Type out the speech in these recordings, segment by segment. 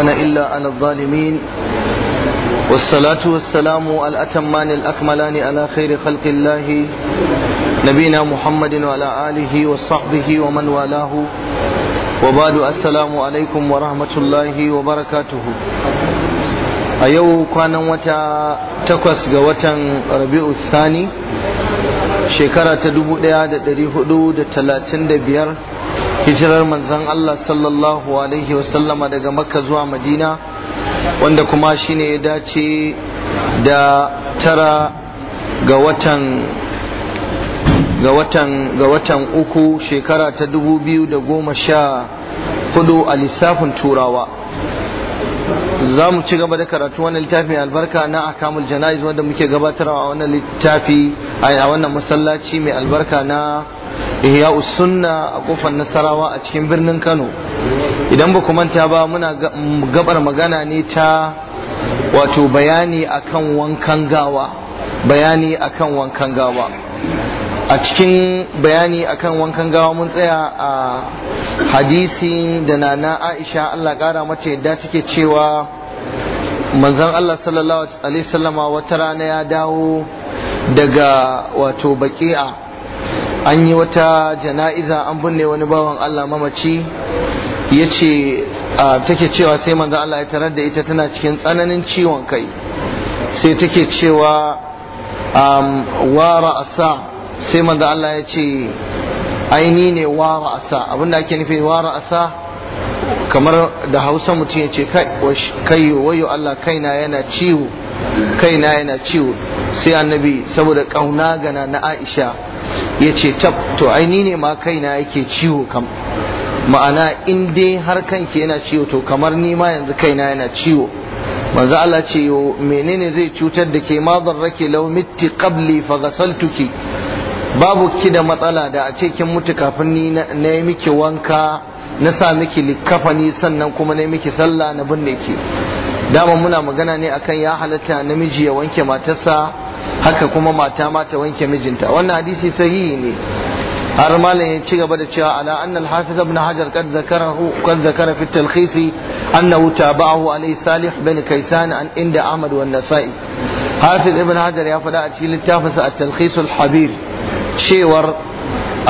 عدوان إلا على الظالمين والصلاة والسلام الأتمان الأكملان على خير خلق الله نبينا محمد وعلى آله وصحبه ومن والاه وبعد السلام عليكم ورحمة الله وبركاته a yau kwanan wata takwas ga watan rabi'u thani shekara ta 1435 hijirar manzan Allah sallallahu alaihi wasallama daga makka zuwa madina wanda kuma shine ya dace da tara ga watan ga watan ga watan uku shekara ta dubu biyu da goma sha hudu a lissafin turawa za mu ci gaba da karatu wannan littafi albarka na akamul jana'iz wanda muke gabatarwa a wannan littafi a wannan masallaci mai albarka na ihya sunna a kofar nasarawa a cikin birnin kano idan ba ku manta ba muna gabar magana ne ta wato bayani akan wankan gawa bayani akan wankan gawa a cikin bayani akan wankan gawa mun tsaya a hadisi da na aisha allah kara mace yadda take cewa manzon allah sallallahu alaihi wasallama wata rana ya dawo daga wato baki'a an yi wata jana'iza an binne wani bawan Allah mamaci ya ce take cewa sai manzo Allah ya tarar da ita tana cikin tsananin ciwon kai sai take cewa wa ra'asa sai manzo Allah ya ce aini ne wa ra'asa abinda ake nufi wa ra'asa kamar da hausa mutum ya ce kai wayo Allah kaina yana ciwo kaina yana ciwo sai annabi saboda kauna gana na Aisha ya ce tab to ai ni ne ma kaina yake ciwo kam ma'ana in dai har kanki yana ciwo to kamar ni ma yanzu kaina yana ciwo manzo Allah ce yo menene zai cutar da ke ma zarrake law mitti qabli fa ghasaltuki babu ki da matsala da a ce kin mutu kafin ni na yi miki wanka na sa miki likafani sannan kuma na yi miki sallah na binne ki dama muna magana ne akan ya halatta namiji ya wanke matarsa haka kuma mata ma ta wanke mijinta wannan hadisi sahihi ne har malam ya ci gaba da cewa ala anna al-hafiz ibn hajar kad zakarahu kad zakara fi at-talkhis annahu tabahu alayhi salih bin kaysan an inda ahmad wa nasai hafiz ibn hajar ya faɗa a cikin littafinsa at-talkhis al-habir cewar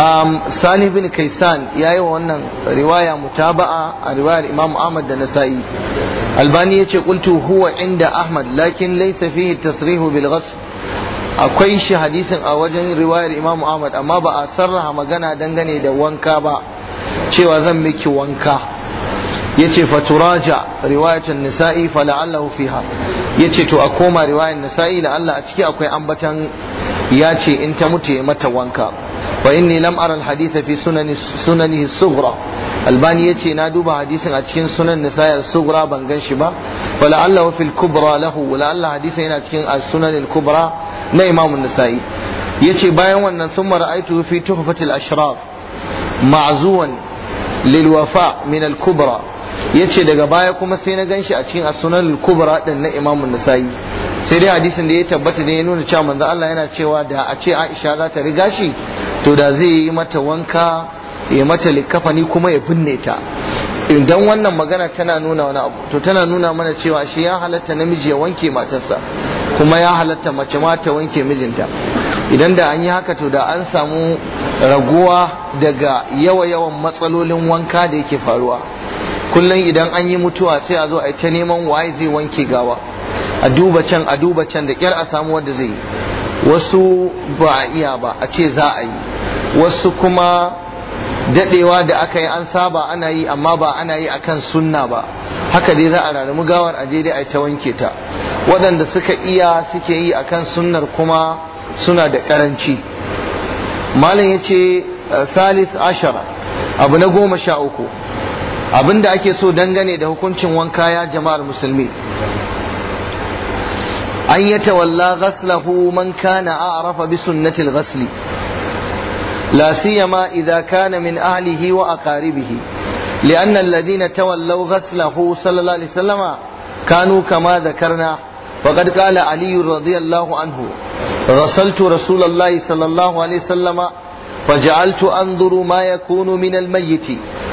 um, salih bin kaisan ya yi wa wannan riwaya mutaba'a a riwayar imam ahmad da nasa'i albani ya ce kultu huwa inda ahmad lakin laysa fihi tasrihu bil ghasb akwai shi hadisin a wajen riwayar imamu ahmad amma ba a sarraha magana dangane da wanka ba cewa zan miki wanka ce faturaja riwayatun nisa'i fala'allahu fiha ce to a koma riwayar nisa'i la a ciki akwai ambatan yace in ta mutu ya mata wanka wa inni lam ara alhadith fi sunani sunanihi sughra albani yace na duba hadisin a cikin sunan nisa'i sughra ban gan shi ba fala'allahu fil kubra lahu la hadisin yana cikin as-sunan al-kubra na Imam Nasa'i ce bayan wannan sun mara'aitu fi tuhfatil ashraf ma'zuwan lil wafa min al kubra ce daga baya kuma sai na ganshi a cikin asunan sunan al kubra din na Imam Nasa'i sai dai hadisin da ya tabbata da ya nuna cewa manzo Allah yana cewa da a ce Aisha za ta riga shi to da zai yi mata wanka ya mata likafani kuma ya binne ta idan wannan magana tana nuna wani abu to tana nuna mana cewa shi ya halatta namiji ya wanke matarsa kuma ya halatta mace ma ta wanke mijinta idan da an yi haka to da an samu raguwa daga yawa-yawan matsalolin wanka da yake faruwa kullum idan an yi mutuwa sai a zo a yi ta neman waye zai wanke gawa a duba can a duba can da kyar a samu wanda zai yi wasu ba a iya ba a ce za a yi wasu kuma dadewa da aka yi an saba ana yi amma ba ana yi akan sunna ba haka dai za a mu gawar aje dai a ta wanke ta waɗanda suka iya suke yi akan sunnar kuma suna da karanci malam ya ce salis ashara abu na goma sha uku abinda ake so dangane da hukuncin wanka ya jama'ar musulmi an yatawalla ghaslahu man kana a'rafa bi sunnatil ghasli لا سيما إذا كان من أهله وأقاربه لأن الذين تولوا غسله صلى الله عليه وسلم كانوا كما ذكرنا وقد قال علي رضي الله عنه غسلت رسول الله صلى الله عليه وسلم فجعلت أنظر ما يكون من الميت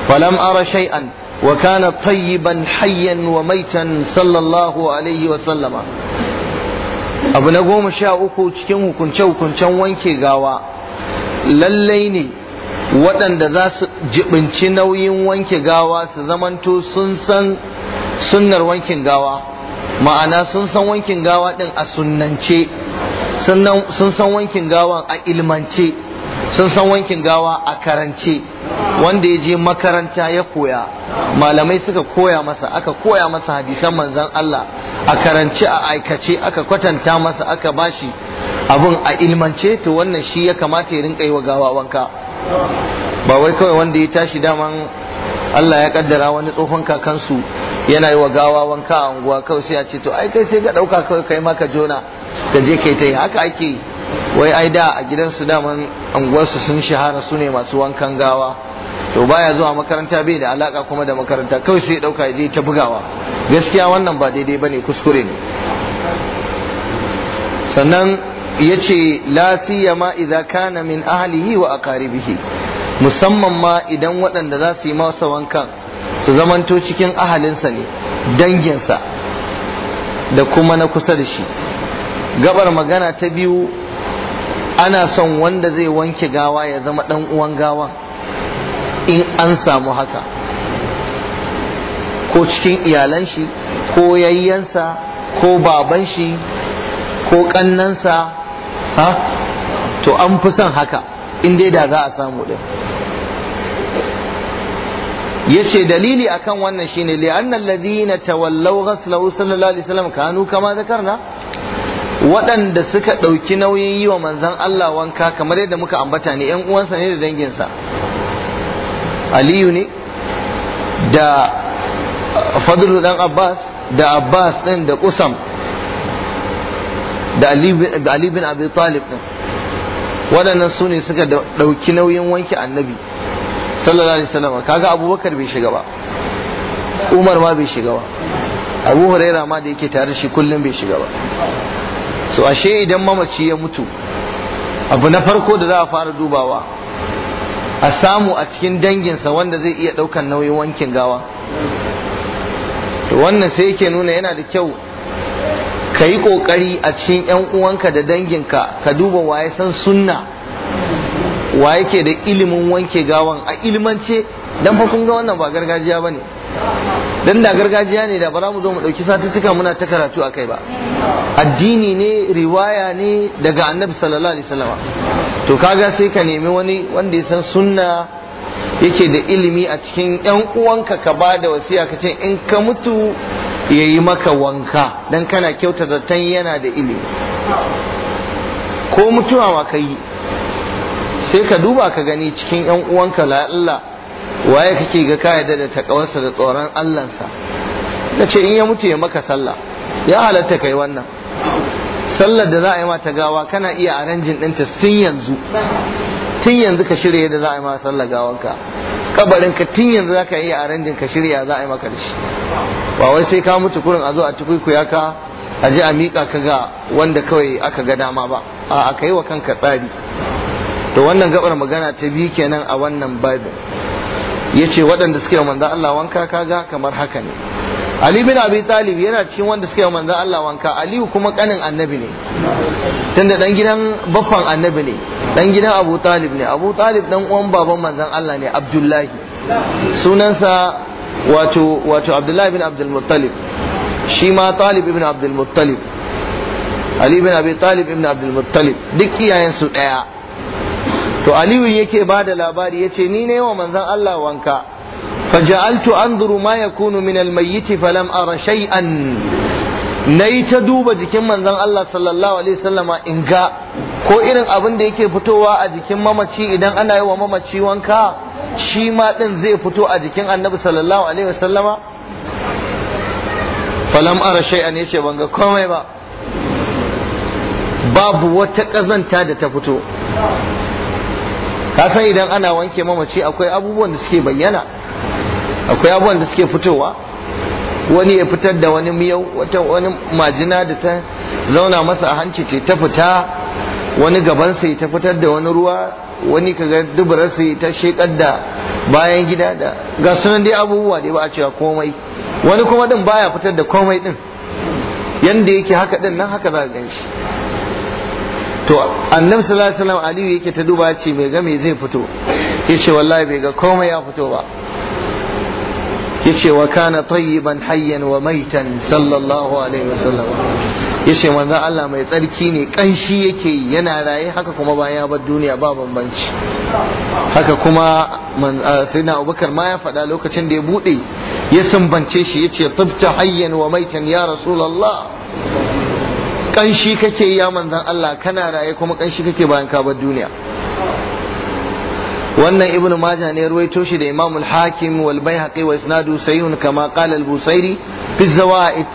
فلم أر شيئا وكان طيبا حيا وميتا صلى الله عليه وسلم abu na goma sha uku cikin hukunce-hukuncen wanke gawa lallai ne waɗanda za su jibinci nauyin wanke gawa su zamanto sun san sunnar wankin gawa ma'ana sun san wankin gawa ɗin a sunnance sun san wankin gawan a ilmance sun san wankin gawa a karance wanda ya je makaranta ya koya malamai suka koya masa aka koya masa hadisan manzan Allah a karance a aikace aka kwatanta masa aka bashi abun a ilmance to wannan shi ya kamata ya rinka yi wa gawa wanka ba wai kawai wanda ya tashi daman Allah ya kaddara wani tsohon kakansu yana yi wa gawa wanka a unguwa kawai sai a ce to ai kai sai ka dauka kawai kai ma ka jona ka je kai tai haka ake wai ai da a su daman unguwarsu sun shahara su ne masu wankan gawa to baya zuwa makaranta bai da alaka kuma da makaranta kawai sai dauka je ta bugawa gaskiya wannan ba daidai bane kuskure ne sannan yace la siyama idza kana min ahlihi wa aqaribihi musamman ma idan waɗanda za su yi masa wankan su zamanto cikin ahalinsa ne danginsa da kuma na kusa da shi gabar magana ta biyu ana son wanda zai wanke gawa ya zama ɗan uwan gawa in an samu haka ko cikin iyalan shi ko yayyansa ko baban shi ko ƙannansa ha to an fi son haka in dai da za a samu ɗin yace dalili akan wannan shine li annal ladina tawallaw ghaslahu sallallahu alaihi wasallam kanu kama zakarna waɗanda suka ɗauki nauyin yi wa manzan Allah wanka kamar yadda muka ambata ne yan uwansa ne da danginsa Aliyu ne da Fadlu dan Abbas da Abbas ɗin da Kusam da Ali bin Abi Talib ɗin waɗannan su ne suka ɗauki nauyin wanke annabi sallallahu alaihi wasallam kaga abubakar bai shiga ba umar ma bai shiga ba abu huraira ma da yake tare shi kullum bai shiga ba so ashe idan mamaci ya mutu abu na farko da za a fara dubawa a samu a cikin danginsa wanda zai iya ɗaukan nauyin wankin gawa to wannan sai yake nuna yana da kyau ka yi ƙoƙari a cikin 'yan uwanka da danginka ka duba waye san sunna wa yake da ilimin wanke gawan a ilimance dan fa kun ga wannan ba gargajiya bane dan da gargajiya ne da ba za mu zo mu dauki satuttuka muna ta karatu akai ba addini ne riwaya ne daga annabi sallallahu alaihi wasallam to kaga sai ka nemi wani wanda ya san sunna yake da ilimi a cikin yan uwanka ka ba da wasiya ka ce in ka mutu ya yi maka wanka dan kana kyauta tan yana da ilimi ko mutuwa ma ka yi sai ka duba ka gani cikin yan uwanka Allah waye kake ga ka yadda da takawarsa da tsoron allansa na ce in ya mutu ya maka sallah ya halatta kai wannan sallar da za a yi mata gawa kana iya aranjin ɗinta tun yanzu tun yanzu ka shirya yadda za a yi mata sallar gawanka kabarin ka tun yanzu za ka iya ranjin ka shirya za a yi maka da shi ba wai sai ka mutu kurin a zo a ya ka a je a miƙa ka ga wanda kawai aka ga dama ba a ka yi wa kanka tsari to wannan gabar magana ta biyu kenan a wannan Ya yace waɗanda suka yi manzon Allah wanka kaga kamar haka ne Ali bin Abi Talib yana cikin wanda suka yi manzon Allah wanka Aliyu kuma kanin annabi ne tunda dan gidan baffan annabi ne dan gidan Abu Talib ne Abu Talib dan uwan baban manzon Allah ne Abdullahi sunansa wato wato Abdullahi bin Abdul Muttalib shi ma Talib ibn Abdul Muttalib Ali bin Abi Talib ibn Abdul Muttalib duk iyayen su daya to aliyu yake ba da labari ya ce ni ne wa manzan Allah wanka faja'altu anzuru ma yakunu min almayyiti falam ara shay'an yi ta duba jikin manzan Allah sallallahu alaihi wasallama in ga ko irin abin da yake fitowa a jikin mamaci idan ana yi wa mamaci wanka shi ma din zai fito a jikin annabi sallallahu alaihi wasallama falam ara shay'an yace ban ga komai ba babu wata kazanta da ta fito ka san idan ana wanke mamaci akwai abubuwan da suke bayyana akwai abubuwan da suke fitowa wani ya fitar da wani miyau wata wani majina da ta zauna masa a hanci ce ta fita wani gaban sai ta fitar da wani ruwa wani kaga dubarar sai ta shekar da bayan gida da ga sunan dai abubuwa dai ba a cewa komai wani kuma din baya fitar da komai din yanda yake haka din nan haka za ka gan shi to annabi sallallahu alaihi wasallam aliyu yake ta duba ce mai ga me zai fito yace wallahi bai ga komai ya fito ba yace wa kana tayyiban hayyan wa maitan sallallahu alaihi wasallam yace manzon Allah mai tsarki ne kanshi yake yana raye haka kuma ya bar duniya ba bambanci haka kuma sayyidina Abubakar ma ya faɗa lokacin da ya bude ya sumbance shi yace tibta hayyan wa maitan ya rasulullah kanshi kake ya manzan Allah kana raye kuma kanshi kake bayan ka bar duniya wannan ibn majah ne ruwaito shi da imamul hakim wal bayhaqi wa isnadu sayyun kama qala al-busairi fi zawaid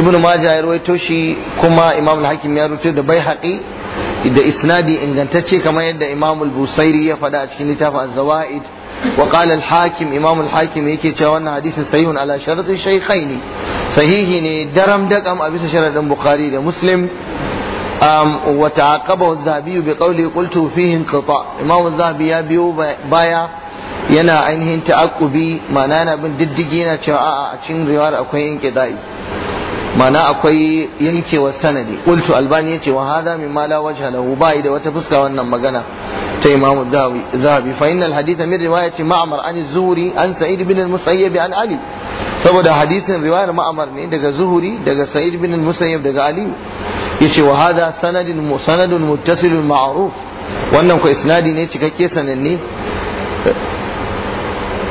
ibn majah ya ruwaito shi kuma imamul hakim ya ruwaito da bayhaqi da isnadi ingantacce kamar yadda imamul busairi ya faɗa a cikin littafin az-zawaid wa hakim imam al-hakim yake cewa wannan hadisin sahihun ala sharatin shaykhain sahihi ne daram dakam a bisa sharadin bukhari da muslim um wa ta'aqaba az-zahabi bi qawli qultu fihi imam az ya biyo baya yana ainihin ta'aqubi ma'ana yana bin diddigi yana cewa a'a a cikin riwayar akwai inqita'i mana akwai yankewa sanadi ultu albani yace wa hadha mimma la wajha lahu bai da wata fuska wannan magana ta imamu zabi fa innal haditha min riwayati ma'mar an zuhri an sa'id ibn al-musayyib an ali saboda hadisin riwayar ma'mar ne daga zuhri daga sa'id ibn al-musayyib daga ali yace wa hada sanadin sanadun muttasilun ma'ruf wannan ko isnadi ne cikakke sananne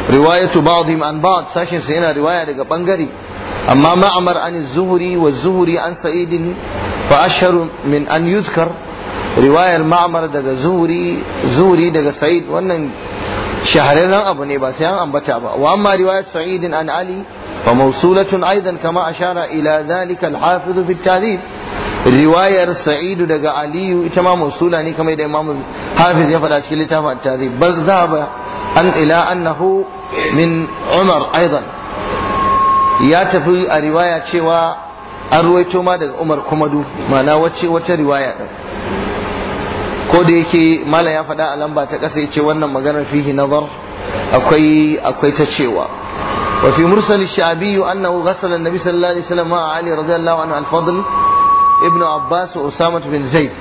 riwayatu ba'dhim an ba'd sashin sai yana riwaya daga bangare amma ma'amar an zuhuri wa zuhuri an sa'idin fa ashharu min an yuzkar riwayar ma'amar daga zuhuri daga sa'id wannan shahararren abu ne ba sai an ambata ba wa amma riwayar sa'idin an ali fa mawsulatun aidan kama ashara ila zalika al-hafiz fi at riwayar Sa'idu daga aliyu ita ma mawsula ne kamar da imamu hafiz ya faɗa cikin littafan at-tarikh bal za ba an ila annahu min umar aidan ya tafi a riwaya cewa an ruwaito ma daga umar kumadu ma'ana wacce wata riwaya din ko da yake mala ya faɗa a lamba ta ƙasa ce wannan maganar fihi nazar akwai akwai ta cewa wa fi mursal shabi annahu ghasala annabi sallallahu alaihi wasallam ma ali radiyallahu anhu al-fadl ibn abbas wa usama bin zaid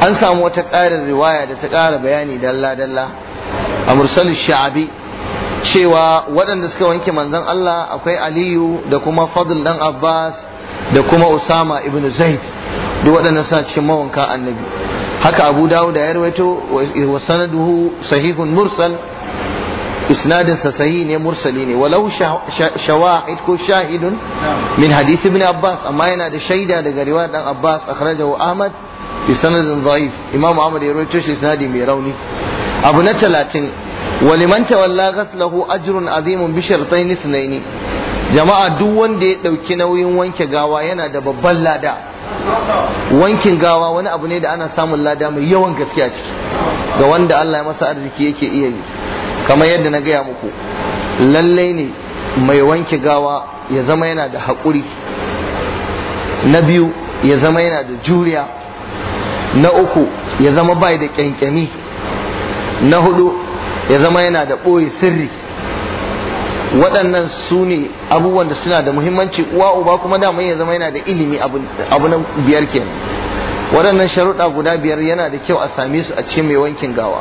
an samu wata ƙarin riwaya da ta ƙara bayani dalla dalla a mursal shabi cewa waɗanda suka wanke manzon Allah akwai Aliyu da kuma Fadl dan Abbas da kuma Usama ibn Zaid duk waɗannan suna cikin mawanka annabi haka Abu Dawud da ya rawaito wa sanaduhu sahihun mursal isnadin sa sahihi ne mursali ne walau shawahid ko shahidun min hadith ibn Abbas amma yana da shaida daga riwayar dan Abbas akhrajahu Ahmad bi sanadin da'if Imam Ahmad ya rawaito shi isnadi mai rauni abu na talatin waliman tawalla ghaslahu ajrun azimun bi shartain ithnain jama'a duk wanda ya ɗauki nauyin wanke gawa yana da babban lada wankin gawa wani abu ne da ana samun lada mai yawan gaskiya ciki ga wanda Allah ya masa arziki yake iya yi kamar yadda na gaya muku lallai ne mai wanke gawa ya zama yana da haƙuri na biyu ya zama yana da juriya na uku ya zama bai da ƙyanƙyami na hudu ya zama yana da ɓoye sirri waɗannan su ne abubuwan da suna da muhimmanci uwa uba kuma dama ya zama yana da ilimi abu na biyar kenan waɗannan sharuɗa guda biyar yana da kyau a same su a ce mai wankin gawa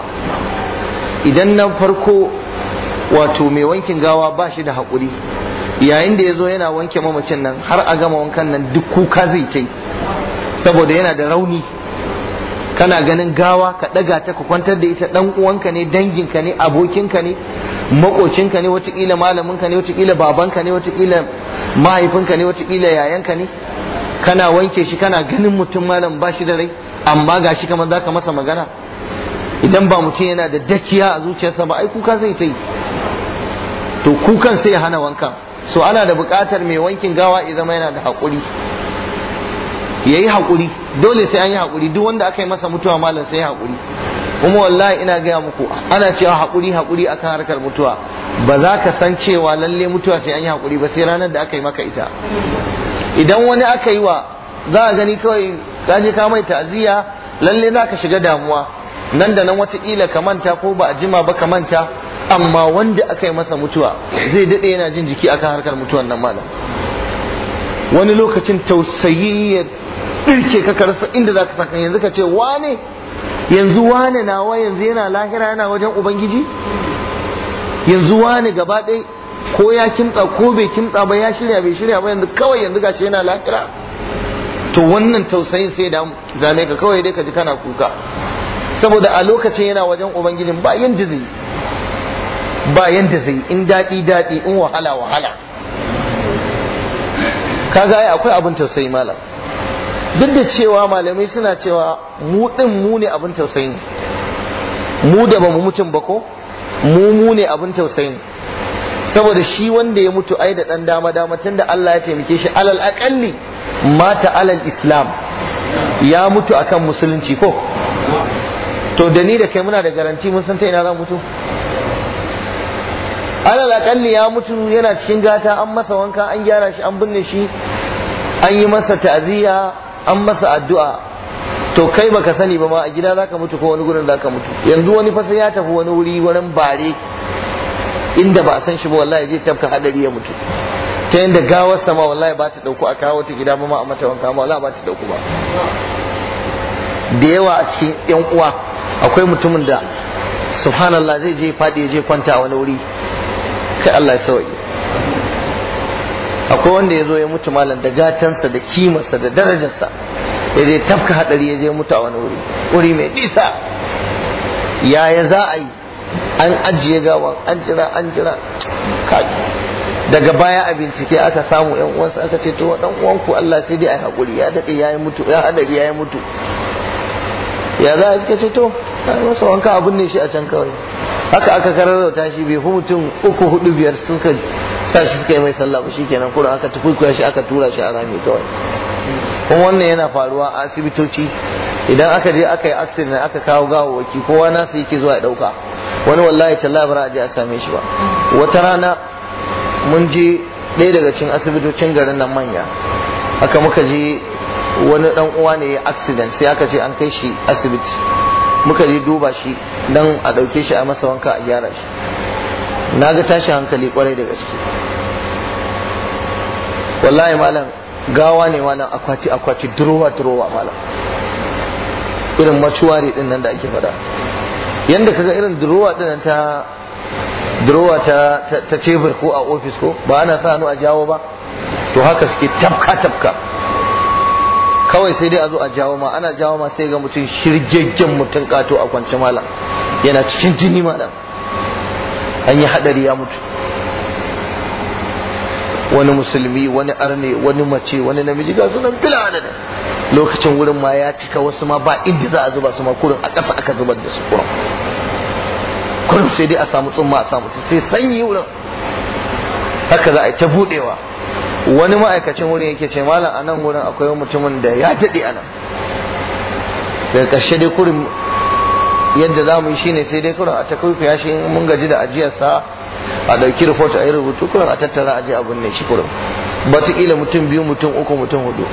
idan na farko wato mai wankin gawa ba shi da haƙuri yayin da ya zo yana wanke mamacin nan har a gama wankan nan duk kuka zai ta saboda yana da rauni kana ganin gawa ka ɗaga ta ka kwantar da ita ɗan uwanka ne danginka ne abokinka ne makocinka ne watakila malaminka ne watakila babanka ne watakila mahaifinka ne watakila yayanka ne kana wanke shi kana ganin mutum malam ba shi da rai amma ga shi kamar za ka masa magana idan ba mutum yana da dakiya a zuciyarsa ba ai kuka zai ta yi to kukan sai hana wanka. so ana da buƙatar mai wankin gawa ya zama yana da haƙuri ya yi hakuri dole sai an yi hakuri duk wanda aka yi masa mutuwa malam sai hakuri kuma wallahi ina gaya muku ana cewa hakuri hakuri akan harkar mutuwa ba za ka san cewa lalle mutuwa sai an yi hakuri ba sai ranar da aka yi maka ita idan wani aka yi wa za a gani kawai ka je ka mai ta'aziyya lalle za ka shiga damuwa nan da nan watakila ka manta ko ba a jima ba ka manta amma wanda aka yi masa mutuwa zai daɗe yana jin jiki akan harkar mutuwan nan malam wani lokacin tausayi birke ka karsa inda za ka saka yanzu ka ce wane yanzu wane nawa yanzu yana lahira yana wajen ubangiji yanzu wane gaba ɗaya ko ya kimtsa ko bai kimtsa ba ya shirya bai shirya ba yanzu kawai yanzu gashi yana lahira to wannan tausayin sai da zane ka kawai dai ka ji kana kuka saboda a lokacin yana wajen ubangijin ba yanda zai ba yanda zai in daɗi daɗi in wahala wahala kaga ai akwai abin tausayi malam duk da cewa malamai suna cewa mu din mu ne abin tausayin mu da ba mu mutum ba ko mu mu ne abin tausayin saboda shi wanda ya mutu ai da dan dama dama tunda Allah ya taimake shi alal aqalli mata alal islam ya mutu akan musulunci ko to da ni da kai muna da garanti mun san ta ina za mutu alal akalli ya mutu yana cikin gata an masa wanka an gyara shi an binne shi an yi masa ta'aziyya an masa addu'a to kai baka sani ba ma a gida zaka mutu ko wani gurin ka mutu yanzu wani fasa ya tafi wani wuri wurin bare inda ba a san shi ba wallahi zai tafka hadari ya mutu ta yanda gawar sama wallahi ba ta dauku a kawo ta gida ba ma a mata wanka ma wallahi ba ta dauku ba da yawa a cikin yan uwa akwai mutumin da subhanallah zai je fadi ya je kwanta a wani wuri kai Allah ya akwai wanda ya zo ya mutu malam da gatansa da kimarsa da darajarsa ya zai tafka hadari ya je mutu a wani wuri wuri mai nisa yaya za a yi an ajiye gawan an jira an jira daga baya a bincike aka samu yan uwansa aka ce to dan uwanku Allah sai dai ai hakuri ya dade yayi mutu ya hadari yayi mutu ya za a ce to masa wanka abun ne shi a can kawai haka aka kararrauta shi bai fi mutum uku hudu biyar suka sa shi suka yi mai sallah ba shikenan kurin aka tukuikuya shi aka tura shi a rami kawai kuma wannan yana faruwa a asibitoci idan aka je aka yi accident aka kawo gawawaki kowa nasu yake zuwa ya dauka wani wallahi ta labara a je a same shi ba wata rana mun je ɗaya daga cikin asibitocin garin nan manya aka muka je wani dan uwa ne ya accident sai aka ce an kai shi asibiti muka je duba shi dan a dauke shi a masa wanka a gyara shi na ga tashi hankali kwarai da gaske wallahi malam gawa ne malam akwati akwati durowa durowa malam irin macuwari din nan da ake fada yanda kaga irin durowa din ta durowa ta tebur ko a ofis ko ba ana sa hannu a jawo ba to haka suke tabka tabka. kawai sai dai a zo a jawo ma ana jawo ma sai ga mutum shirgeggen mutum kato a kwance malam yana cikin jini malam an yi hadari ya mutu wani musulmi wani arne wani mace wani namiji ga sunan bila adadin lokacin wurin ma ya cika wasu ma ba inda za a zuba su ma kurin a ƙasa aka zubar da su kurin kurin sai dai a samu tsumma a samu sai sanyi wurin haka za a ta budewa wani ma'aikacin wurin yake ce malam a nan wurin akwai mutumin da ya daɗe a nan daga ƙarshe dai kurin yadda za mu yi ne sai dai kuran a ta shi mun gaji da ajiyarsa a ɗauki report a yi rubutu kuran a tattara aji abin ne shi kuran wataƙila mutum biyu mutum uku mutum hudu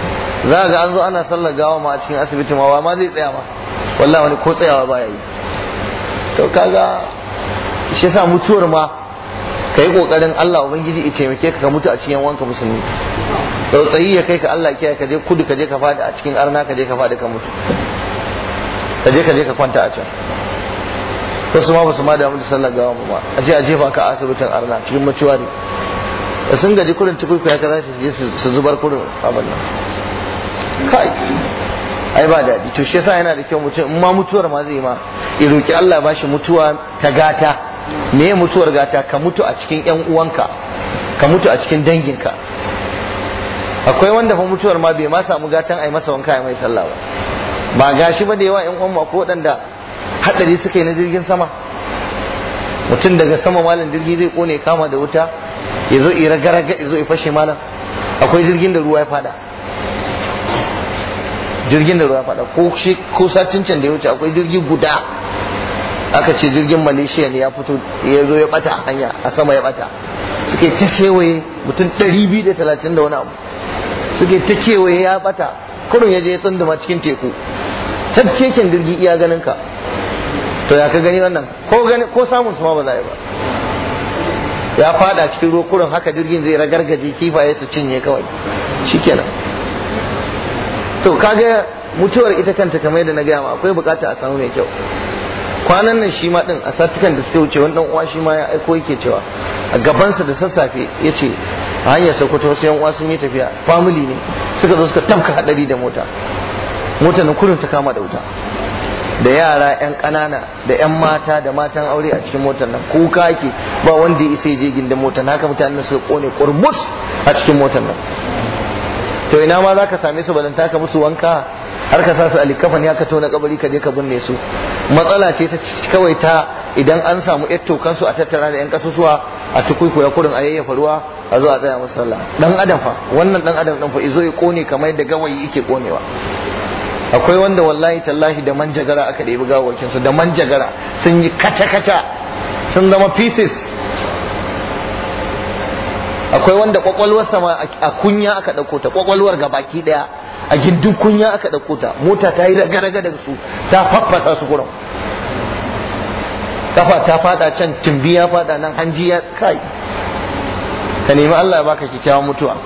za ga an zo ana sallar gawa ma a cikin asibiti ma ma zai tsaya ma wallahi wani ko tsayawa ba ya yi to kaga shi yasa mutuwar ma kai kokarin Allah ubangiji ya taimake ka mutu a cikin wanka musulmi tsautsayi ya kai ka Allah ya kiyaye ka je kudu ka je ka fadi a cikin arna ka je ka fadi ka mutu ka je ka je ka kwanta a can wasu ma ba su ma damu da sallar gawa ba a ce a jefa ka a asibitin arna cikin mutuwari da sun gaji kurin tukuku ya kaza su je su zubar kurin abin nan kai ai ba daɗi to shi yasa yana da kyau mutum in ma mutuwar ma zai ma ya roki Allah ba shi mutuwa ta gata me mutuwar gata ka mutu a cikin yan uwanka ka mutu a cikin danginka akwai wanda fa mutuwar ma bai ma samu gatan ai masa wanka ai mai sallah ba ba gashi ba da yawa yan uwan ko waɗanda haɗari suka yi na jirgin sama mutum daga sama malam jirgi zai kone kama da wuta ya zo ira garaga ya zo ya fashe malam akwai jirgin da ruwa ya fada jirgin da ruwa ya fada ko shi ko satin can da ya wuce akwai jirgi guda aka ce jirgin malaysia ne ya fito ya zo ya bata a hanya a sama ya bata suke ta kewaye mutum 230 da wani abu suke ta kewaye ya bata kurun ya je ya tsunduma cikin teku tafkeken jirgi iya ganin ka to ya ka gani wannan ko gani ko samun su ma ba za ba ya fada cikin ruwa haka jirgin zai ragargaje kifaye su cinye kawai shikenan to kaga mutuwar ita kanta kamar yadda na gaya ma akwai bukata a samu mai kyau kwanan nan shi ma din a satukan da suka wuce wani dan uwa shi ma ya aiko yake cewa a gabansa da sassafe yace ce a hanyar sokoto wasu yan uwa sun yi tafiya family ne suka zo suka tafka hadari da mota motar na ta kama da wuta da yara yan ƙanana da yan mata da matan aure a cikin motar nan kuka ake ba wanda ya isa je gindin motar haka mutanen suka kone kurmus a cikin motar nan to ina ma za ka same su balanta ka musu wanka har ka sa su alikafan ya ka tona kabari ka je ka binne su matsala ce ta kawai ta idan an samu yan tokan su a tattara da yan kasusuwa a tukuikuya kurin a yayyafa ruwa a zo a tsaya musu sallah dan adam fa wannan dan adam dan fa izo ya kone kamar yadda gawayi yake konewa akwai wanda wallahi tallahi da manjagara aka ɗebi gawakinsu da manjagara sun yi kaca-kaca sun zama pieces akwai wanda kwakwalwar sama a kunya aka ɗauko ta kwakwalwar ga baki ɗaya a gindin kunya aka ɗauko ta mota ta yi raga da su ta faffasa su kuram kafa ta fada can timbi ya fada nan hanji ya kai ka nemi Allah ya baka kyakkyawan mutuwa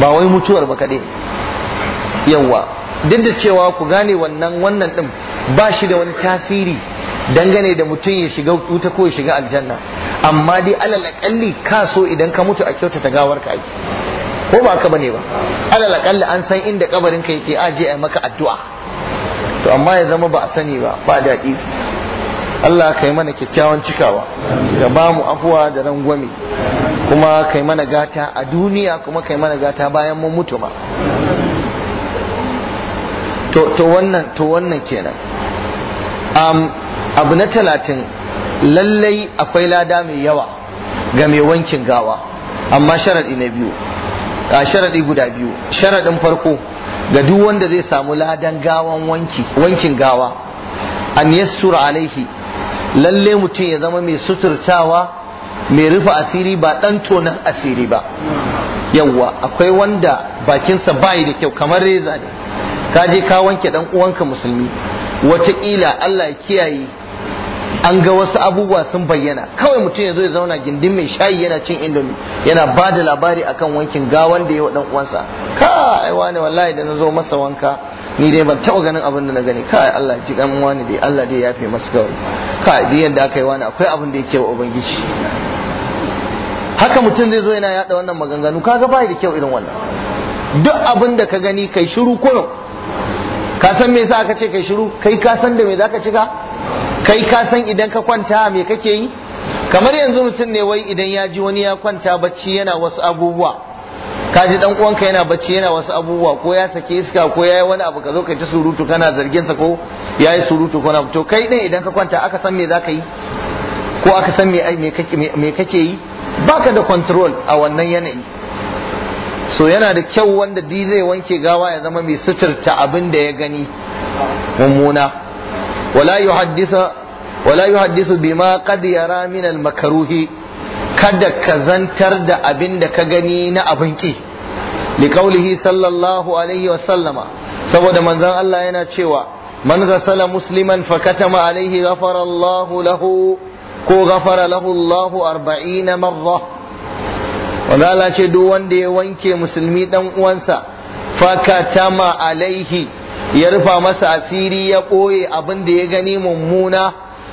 ba wai mutuwar ba kaɗai yawwa duk da cewa ku gane wannan wannan din ba shi da wani tasiri dangane da mutum ya shiga wuta ko ya shiga aljanna amma dai alal akalli ka so idan ka mutu a kyautata gawar ka aiki ko ba ka bane ba alal akalli an san inda kabarin ka yake aje a maka addu'a to amma ya zama ba a sani ba ba daɗi Allah kai mana kyakkyawan cikawa da ba mu afuwa da rangwame kuma kai mana gata a duniya kuma kai mana gata bayan mun mutu ma to wannan to wannan kenan um, abu na talatin lallai akwai lada mai yawa ga mai wankin gawa amma sharaɗi na biyu a sharaɗi guda biyu sharaɗin farko ga duk wanda zai samu ladan gawan wanki wankin gawa an yassura alaihi lalle mutum ya zama mai suturtawa mai rufe asiri ba ɗan tonan asiri ba yawwa akwai wanda bakinsa bayi da kyau kamar reza ne ka je ka wanke dan uwanka musulmi wataƙila Allah ya kiyaye an ga wasu abubuwa sun bayyana kawai mutum ya zo ya zauna gindin mai shayi yana cin indomi yana ba da labari akan wankin gawan da ya wa dan uwansa kai wani wallahi da na zo masa wanka ni dai ban taɓa ganin abin da na gani kai Allah ji ɗan wani dai Allah dai ya fi masa kawai kai duk yadda aka yi wani akwai abin da yake wa ubangiji haka mutum zai zo yana yada wannan maganganu kaga bai da kyau irin wannan duk abin da ka gani kai shiru kullum ka san me yasa aka ce kai shiru kai ka san da me zaka cika kai ka san idan ka kwanta me kake yi kamar yanzu mutum ne wai idan ya ji wani ya kwanta bacci yana wasu abubuwa ka ji dan uwanka yana bacci yana wasu abubuwa ko ya sake iska ko yayi wani abu ka zo ka ji surutu kana zargin sa ko yayi surutu ko to kai din idan ka kwanta aka san me zaka yi ko aka san me me kake yi baka da control a wannan yanayi so yana da kyau wanda di zai wanke gawa ya zama mai suturta abin da ya gani mummuna wala yi haddisa bima kad yara min makaruhi kada ka zantar da abin da ka gani na abin ki liqaulihi sallallahu alaihi wa sallama saboda manzon Allah yana cewa man ghasala musliman fakatama alaihi ghafara Allahu lahu ko ghafara lahu Allahu 40 marra wanda ce duk wanda ya wanke musulmi dan uwansa fakatama alaihi ya rufa masa asiri ya ɓoye abin da ya gani mummuna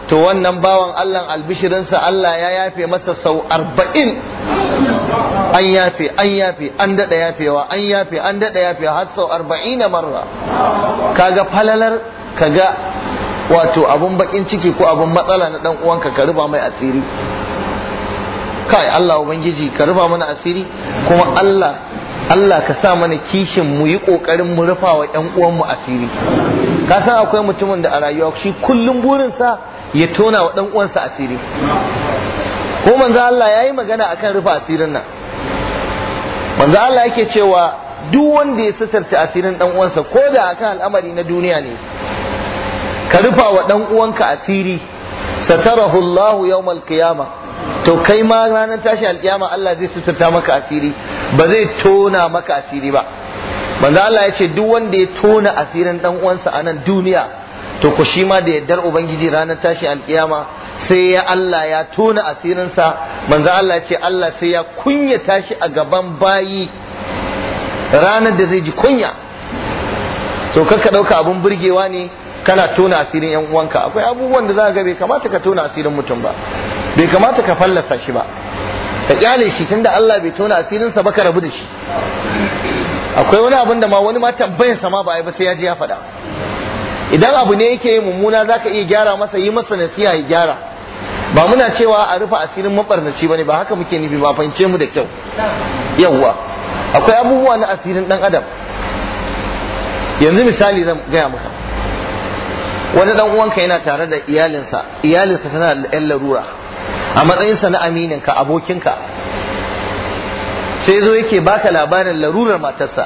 to wannan bawan Allah albishirinsa Allah ya yafe masa sau arba'in an yafe an yafe an daɗa yafewa an yafe an daɗa yafewa har sau arba'in na marra kaga falalar kaga wato abun bakin ciki ko abun matsala na dan uwanka ka rufa mai asiri kai Allah ubangiji ka rufa mana asiri kuma Allah Allah ka sa mana kishin mu yi kokarin mu rufa wa ƴan uwan mu asiri ka san akwai mutumin da a rayuwa shi kullum burinsa ya tona wa ɗan uwansa asiri ko manzo Allah yayi magana akan rufa asirin nan manzo Allah yake cewa duk wanda ya sasarta asirin ɗan uwansa ko da akan al'amari na duniya ne ka rufa wa ɗan uwanka asiri satarahu Allahu yawmal qiyamah to kai ma ranar tashi alkiyama Allah zai suturta maka asiri ba zai tona maka asiri ba manzo Allah ya ce duk wanda ya tona asirin dan uwansa a nan duniya to ku shi ma da yaddar ubangiji ranar tashi alkiyama sai ya Allah ya tona asirinsa manzo Allah ya ce Allah sai ya kunya tashi a gaban bayi ranar da zai ji kunya to kakka dauka abun burgewa ne kana tona asirin yan uwanka akwai abubuwan da za ga bai kamata ka tona asirin mutum ba bai kamata ka fallasa shi ba ka kyale shi tunda Allah bai tona asirinsa ba ka rabu da shi akwai wani abin da ma wani ma tambayin sa ma ba ba sai ya ji ya faɗa idan abu ne yake mummuna zaka iya gyara masa yi masa nasiha ya gyara ba muna cewa a rufe asirin mabarnaci bane ba haka muke nufi ba fahimce mu da kyau yawwa akwai abubuwa na asirin dan adam yanzu misali zan gaya maka wani dan uwanka yana tare da iyalinsa iyalinsa tana da yan larura a matsayinsa na aminin amininka abokinka sai zo yake baka labarin larurar matarsa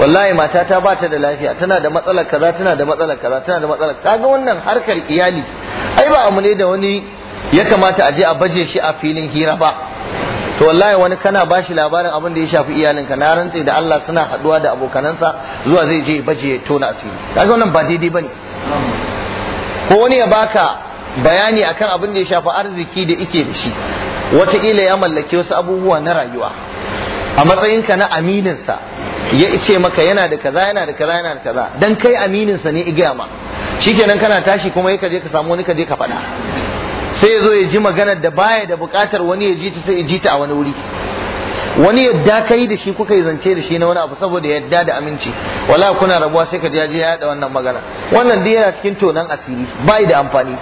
wallahi matata ba ta da lafiya tana da matsalar kaza tana da matsalar kaza tana da matsalar kaga wannan harkar iyali ai ba amune da wani ya kamata a je a baje shi a filin hira ba to wallahi wani kana ba shi labarin abin da ya shafi iyalinka na rantse da Allah suna haduwa da abokanansa zuwa zai je baje tona asiri kaga wannan ba daidai bane ko wani ya baka bayani akan abin da ya shafi arziki da ike da shi wataƙila ya mallaki wasu abubuwa na rayuwa a matsayinka na amininsa ya ce maka yana da kaza yana da kaza yana da kaza dan kai amininsa ne igaya ma shikenan kana tashi kuma ya je ka samu wani ka je ka faɗa sai ya zo ya ji maganar da baya da buƙatar wani ya ji ta sai ya ji ta a wani wuri wani yadda kai da shi kuka yi zance da shi na wani abu saboda yadda da aminci wala kuna rabuwa sai ka ji ya yaɗa wannan magana wannan dai yana cikin tonan asiri bai da amfani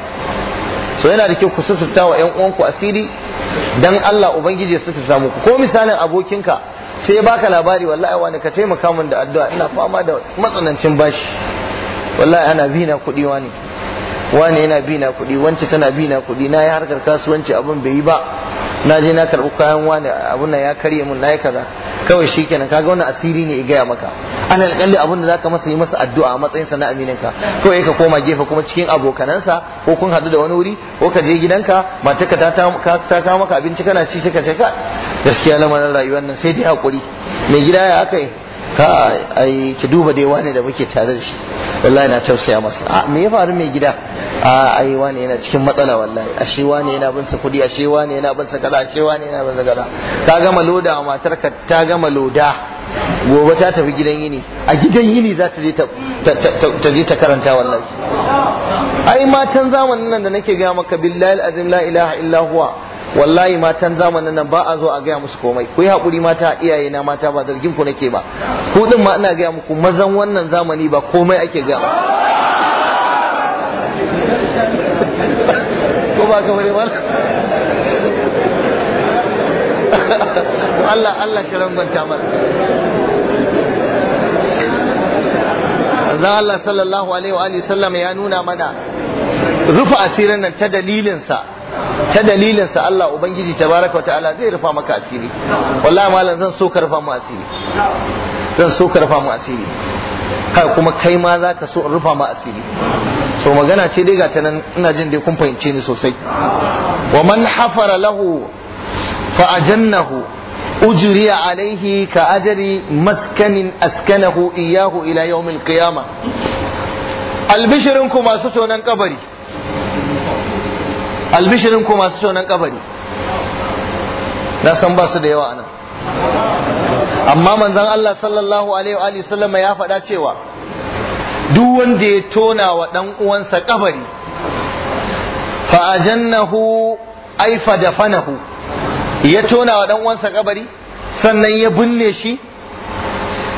so yana da kyau ku suturta wa ƴan uwanku asiri dan Allah ubangiji ya samu muku ko misalin abokinka sai ya baka labari wallahi wani ka taimaka min da addu'a ina fama da matsanancin bashi wallahi ana bina kuɗi wani wani yana bi na kuɗi wance tana bi na kuɗi na yi harkar kasuwanci abin bai yi ba na je na karɓi kayan wani abun na ya karye mun na yi kaza kawai shi kenan kaga wani asiri ne gaya maka an alƙalli abun da zaka masa yi masa addu'a a matsayin sa na aminin ka kawai ka koma gefe kuma cikin abokanansa ko kun haɗu da wani wuri ko ka je gidanka matarka ta ta kawo maka abinci kana ci sai ka ce ka gaskiya lamarin rayuwar nan sai dai hakuri mai gida ya aka yi ka ai ki duba dai wani da muke tare da shi wallahi na tausaya masa a ah, me ya faru mai gida a ah, ai wani yana cikin matsala wallahi a shi wani yana bin sa kudi a shi wani yana bin sa kaza a shi wani yana bin sa kaza ta gama loda wa ka ta gama loda gobe ta tafi gidan yini a gidan yini za ta je ta je ta karanta wallahi ai matan zamanin nan da nake ga maka billahi alazim la ilaha illa huwa wallahi matan zamanin nan ba a zo a gaya musu komai ku yi haƙuri mata iyaye na mata ba zargin ku nake ba ku din ma ina gaya muku mazan wannan zamani ba komai ake gaya ko ba ka bari ba Allah Allah shi rangwanta Zan Allah sallallahu alaihi wa sallam ya nuna mana rufe asirin nan ta dalilinsa ta dalilin sa Allah ubangiji tabaraka ta'ala zai rufa maka asiri wallahi malam zan so ka rufa mu asiri zan so ka rufa mu asiri kai kuma kai ma za ka so in rufa ma asiri so magana ce dai ga ta nan ina jin dai kun fahimce ni sosai wa man hafara lahu fa ajannahu ka عليه كأجر askanahu iyahu ila ila يوم qiyamah albishirinku masu tonon kabari albishirin ko masu tonon kabari na san ba su da yawa nan amma manzon Allah sallallahu alaihi wa sallam ya faɗa cewa duk wanda ya tona wa dan uwansa kabari fa ajannahu ay fa dafanahu ya tona wa dan uwansa kabari sannan ya binne shi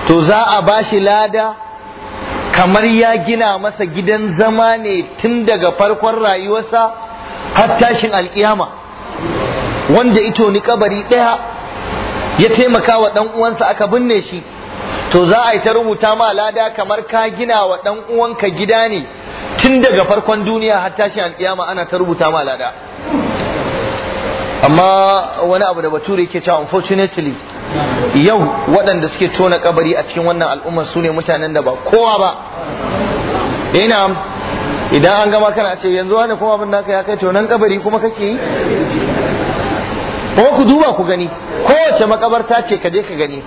to za a bashi lada kamar ya gina masa gidan zama ne tun daga farkon rayuwarsa har tashin alkiyama wanda ito ni kabari ɗaya ya taimaka wa ɗan uwansa aka binne shi to za a yi ta rubuta ma lada kamar ka gina wa ɗan uwanka gida ne tun daga farkon duniya har tashin alkiyama ana ta rubuta ma lada amma wani abu da bature yake cewa unfortunately yau waɗanda suke tona kabari a cikin wannan al'ummar su ne mutanen da ba kowa ba ina idan an gama kana ce yanzu wani kuma abin da ya kai to nan kabari kuma kake yi ko ku duba ku gani kowace makabarta ce ka je ka gani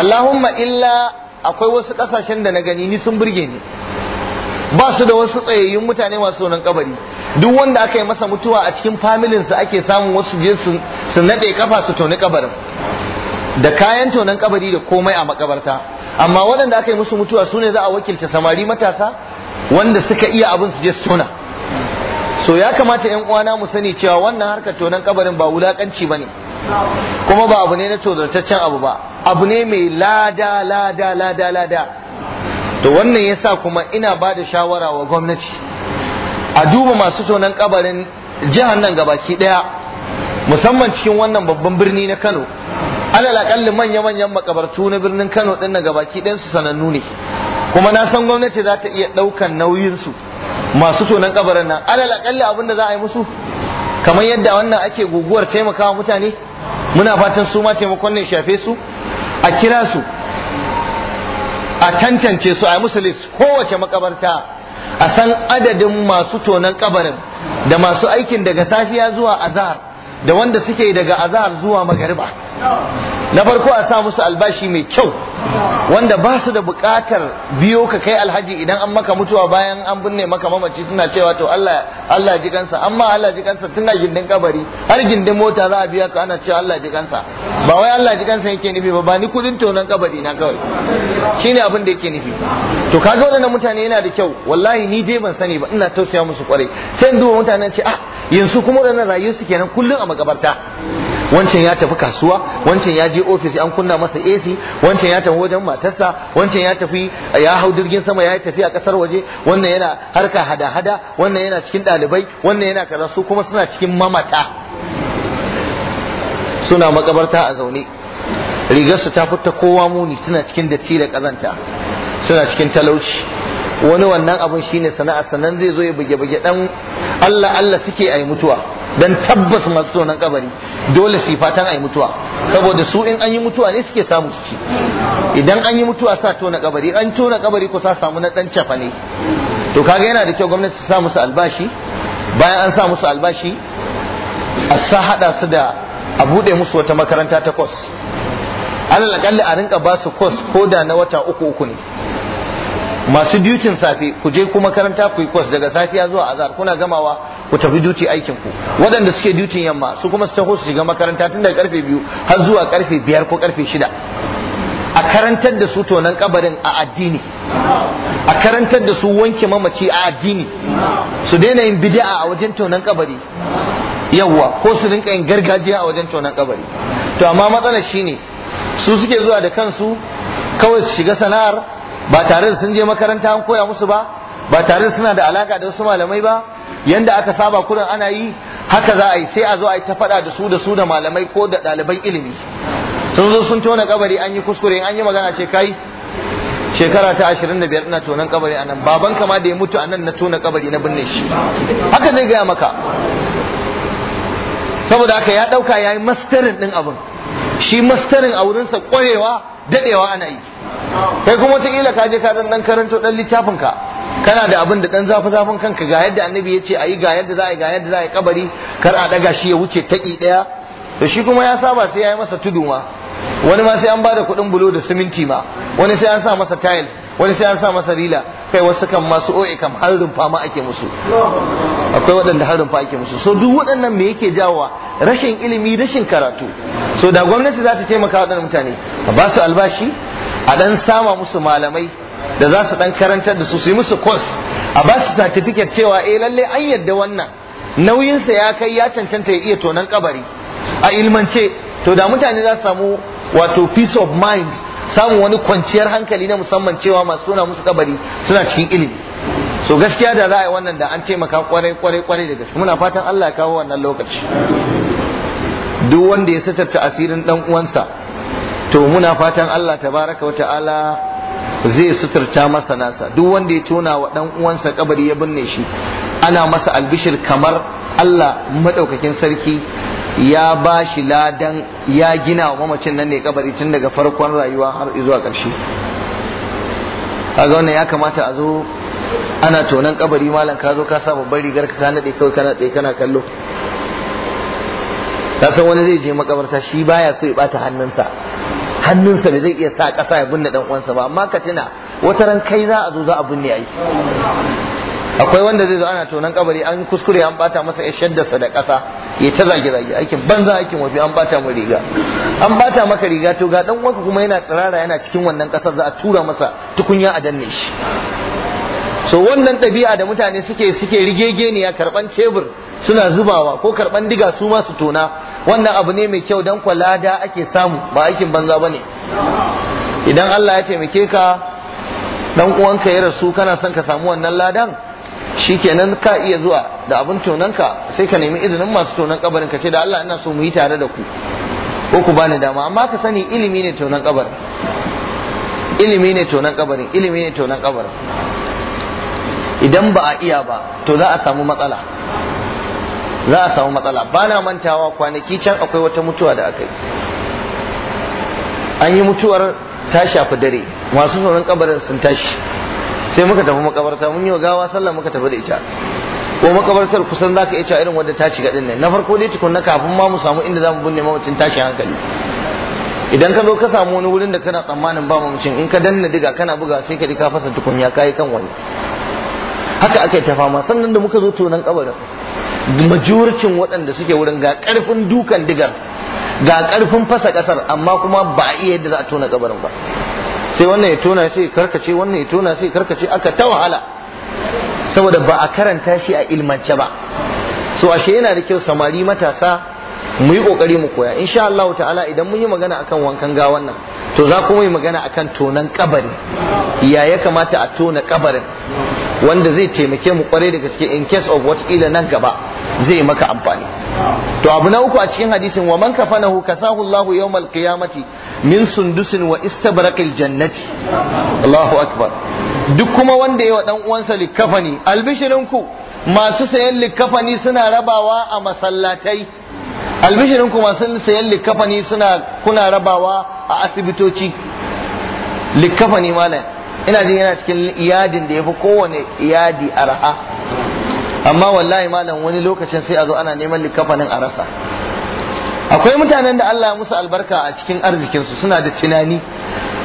Allahumma illa akwai wasu kasashen da na gani ni sun burge ni ba su da wasu tsayayyun mutane masu nan kabari duk wanda aka yi masa mutuwa a cikin familinsa ake samun wasu je su naɗe kafa su toni kabarin da kayan tonan kabari da komai a makabarta amma waɗanda aka yi musu mutuwa su ne za a wakilta samari matasa wanda suka iya abin su je su tona so ya kamata yan uwana mu sani cewa wannan harkar tonan kabarin ba wulakanci bane kuma ba abu ne na tozartaccen abu ba abu ne mai lada lada lada lada to wannan yasa kuma ina ba da shawara wa gwamnati a duba masu tonan kabarin jihar nan gabaki daya musamman cikin wannan babban birni na Kano alal akalli manya manyan makabartu na birnin Kano din na gabaki ɗayan sanannu ne kuma na san gwamnati za ta iya ɗaukan nauyinsu masu tonon kabarin nan alal akalli abin da za a yi musu kamar yadda wannan ake guguwar taimakawa mutane muna fatan su ma taimakon ne shafe su a kira su a tantance su a yi musu list kowace makabarta a san adadin masu tonon kabarin da masu aikin daga safiya zuwa azahar da wanda suke daga azahar zuwa magariba na farko a sa musu albashi mai kyau wanda ba su da bukatar biyo ka kai alhaji idan an maka mutuwa bayan an binne maka mamaci suna cewa to Allah Allah ji kansa amma Allah ji kansa tun gindin kabari har gindin mota za a biya ka ana cewa Allah ji kansa ba wai Allah ji kansa yake nufi ba ba ni kudin tonon kabari na kawai shine abin da yake nufi to kaga wannan mutane yana da kyau wallahi ni je ban sani ba ina tausaya musu kwarai sai duba mutanen ce ah yanzu kuma wadana rayuwar su kenan kullum a makabarta wancan ya tafi kasuwa wancan ya je ofis an kunna masa AC wancan ya tafi wajen matarsa wancan ya tafi ya hau jirgin sama ya tafi a kasar waje wannan yana harka hada-hada wannan yana cikin ɗalibai wannan yana kaza su kuma suna cikin mamata suna makabarta a zaune rigarsu ta fita kowa muni suna cikin datti da kazanta suna cikin talauci wani wannan abun shine sana'a sannan zai zo ya buge-buge dan Allah Allah suke ayi mutuwa dan tabbas masu tonon kabari dole su fatan a yi mutuwa saboda su in an yi mutuwa ne suke samu su ci idan an yi mutuwa sa tona kabari an tona kabari ko sa samu na dan cafa ne to kaga yana da kyau gwamnati ta sa musu albashi bayan an sa musu albashi a sa hada su da a bude musu wata makaranta ta kos alal akalli a rinka ba su kos ko da na wata uku uku ne masu dutin safe ku je ku makaranta ku yi kwas daga safiya zuwa azhar kuna gamawa ku tafi duty aikin ku waɗanda suke duty yamma su kuma su taho su shiga makaranta tun daga karfe biyu har zuwa karfe biyar ko karfe shida a karantar da su tonan kabarin a addini a karantar da su wanke mamaci a addini su daina yin bid'a a wajen tonan kabari yawwa ko su rinka yin gargajiya a wajen tonan kabari to amma matsalar shine su suke zuwa da kansu kawai su shiga sana'ar ba tare da sun je makaranta an koya musu ba ba tare da suna da alaka da wasu malamai ba yanda aka saba kurin ana yi haka za a yi sai a zo a yi ta faɗa da su da su da malamai ko da ɗaliban ilimi sun zo sun tona kabari an yi kuskure an yi magana ce kai shekara ta 25 ina tonan kabari a nan baban kama da ya mutu a nan na tona kabari na binne shi haka zai gaya maka saboda haka ya ɗauka ya yi mastarin ɗin abin shi mastarin a wurinsa ƙwarewa daɗewa ana yi kai kuma wataƙila ka je ka dan karanto ɗan littafinka. kana da abin da dan zafi zafin kanka ga yadda annabi ya ce ayi ga yadda za a yi ga yadda za a yi kabari kar a daga shi ya wuce taki ɗaya. da shi kuma ya saba sai ya yi masa tudu ma wani ma sai an bada kuɗin bulo da siminti ma wani sai an sa masa tiles wani sai an sa masa rila kai wasu kan masu oe kam har rumfa ma ake musu akwai waɗanda har rumfa ake musu so duk waɗannan me yake jawowa rashin ilimi rashin karatu so da gwamnati za ta taimaka waɗannan mutane a ba su albashi a ɗan sama musu malamai da za su dan karantar da su su yi musu course a ba su certificate cewa eh lalle an yadda wannan nauyinsa ya kai ya cancanta ya iya tonan kabari a ilmance to da mutane za su samu wato peace of mind samun wani kwanciyar hankali na musamman cewa masu tona musu kabari suna cikin ilimi so gaskiya da za a yi wannan da an taimaka kwarai kwarai kwarai da gaske muna fatan Allah ya kawo wannan lokaci duk wanda ya satarta asirin dan uwansa to muna fatan Allah tabaraka wa ta'ala zai suturta masa nasa duk wanda ya tona wa dan uwansa kabari ya binne shi ana masa albishir kamar Allah madaukakin sarki ya ba shi ladan ya gina wa mamacin nan ne kabari tun daga farkon rayuwa har zuwa ƙarshe kaga wannan ya kamata a zo ana tonan kabari malam ka zo ka sa babbar rigar ka ka nade kawai kana tsaye kana kallo ka san wani zai je makabarta shi baya so ya bata hannunsa hannunsa da zai iya sa ƙasa ya binne dan uwansa ba amma ka tuna wata ran kai za a zo za a binne ai akwai wanda zai zo ana tonan kabari an kuskure an bata masa ya sa da ƙasa ya ta zage zage aikin banza aikin wafi an bata mu riga an bata maka riga to ga dan uwanka kuma yana tsirara yana cikin wannan ƙasar za a tura masa tukunya a danne shi so wannan ɗabi'a da mutane suke suke rigegeniya karɓan cebur suna zubawa ko karban diga su ma su tona wannan abu ne mai kyau dan kwalada ake samu ba aikin banza bane idan Allah ya taimake ka dan uwanka ya rasu kana son ka samu wannan ladan shikenan ka iya zuwa da abin tonanka sai ka nemi izinin masu tonan kabarin ka ce da Allah ina so mu yi tare da ku ko ku bani dama amma ka sani ilimi ne tonan kabarin ilimi ne tonan kabarin ilimi ne tonan kabarin idan ba a iya ba to za a samu matsala za a samu matsala ba na mantawa kwanaki can akwai wata mutuwa da aka yi an yi mutuwar ta shafi dare masu sauran kabarin sun tashi sai muka tafi makabarta mun yi wa gawa sallah muka tafi da ita ko makabartar kusan ka iya cewa irin wadda ta shiga din nan na farko dai tukun na kafin ma mu samu inda za mu binne mamacin tashin hankali idan ka zo ka samu wani wurin da kana tsammanin ba mamacin in ka danna diga kana buga sai ka ka fasa tukunya kai kan wani haka aka yi ta fama sannan da muka zo tonan kabarin majoricin waɗanda suke wurin ga ƙarfin dukan digar ga ƙarfin fasa ƙasar amma kuma ba a iya yadda za a tona kabarin ba sai wannan ya tona sai karkace wannan ya tona sai karkace aka ta wahala saboda ba a karanta shi a ilmance ba so ashe yana da kyau samari matasa mu yi ƙoƙari mu koya insha Allah ta'ala idan mun yi magana akan wankan gawan nan to za kuma yi magana akan tonan kabari ya ya kamata a tona kabarin wanda zai taimake mu kwarai daga cikin in case of ila nan gaba zai maka amfani to abu na uku a cikin hadisin wa man kafanahu kasahu Allahu yawmal qiyamati min sundusin wa istabraqil jannati Allahu akbar duk kuma wanda wa dan uwansa likafani albishirinku masu sayan likafani suna rabawa a masallatai albishirin kuma sun sayan likafani suna kuna rabawa a asibitoci likafani malam ina jin yana cikin iyadin da ya fi kowane iyadi arha amma wallahi malam wani lokacin sai a zo ana neman likafanin a rasa akwai mutanen da Allah musu albarka a cikin arzikinsu suna da tunani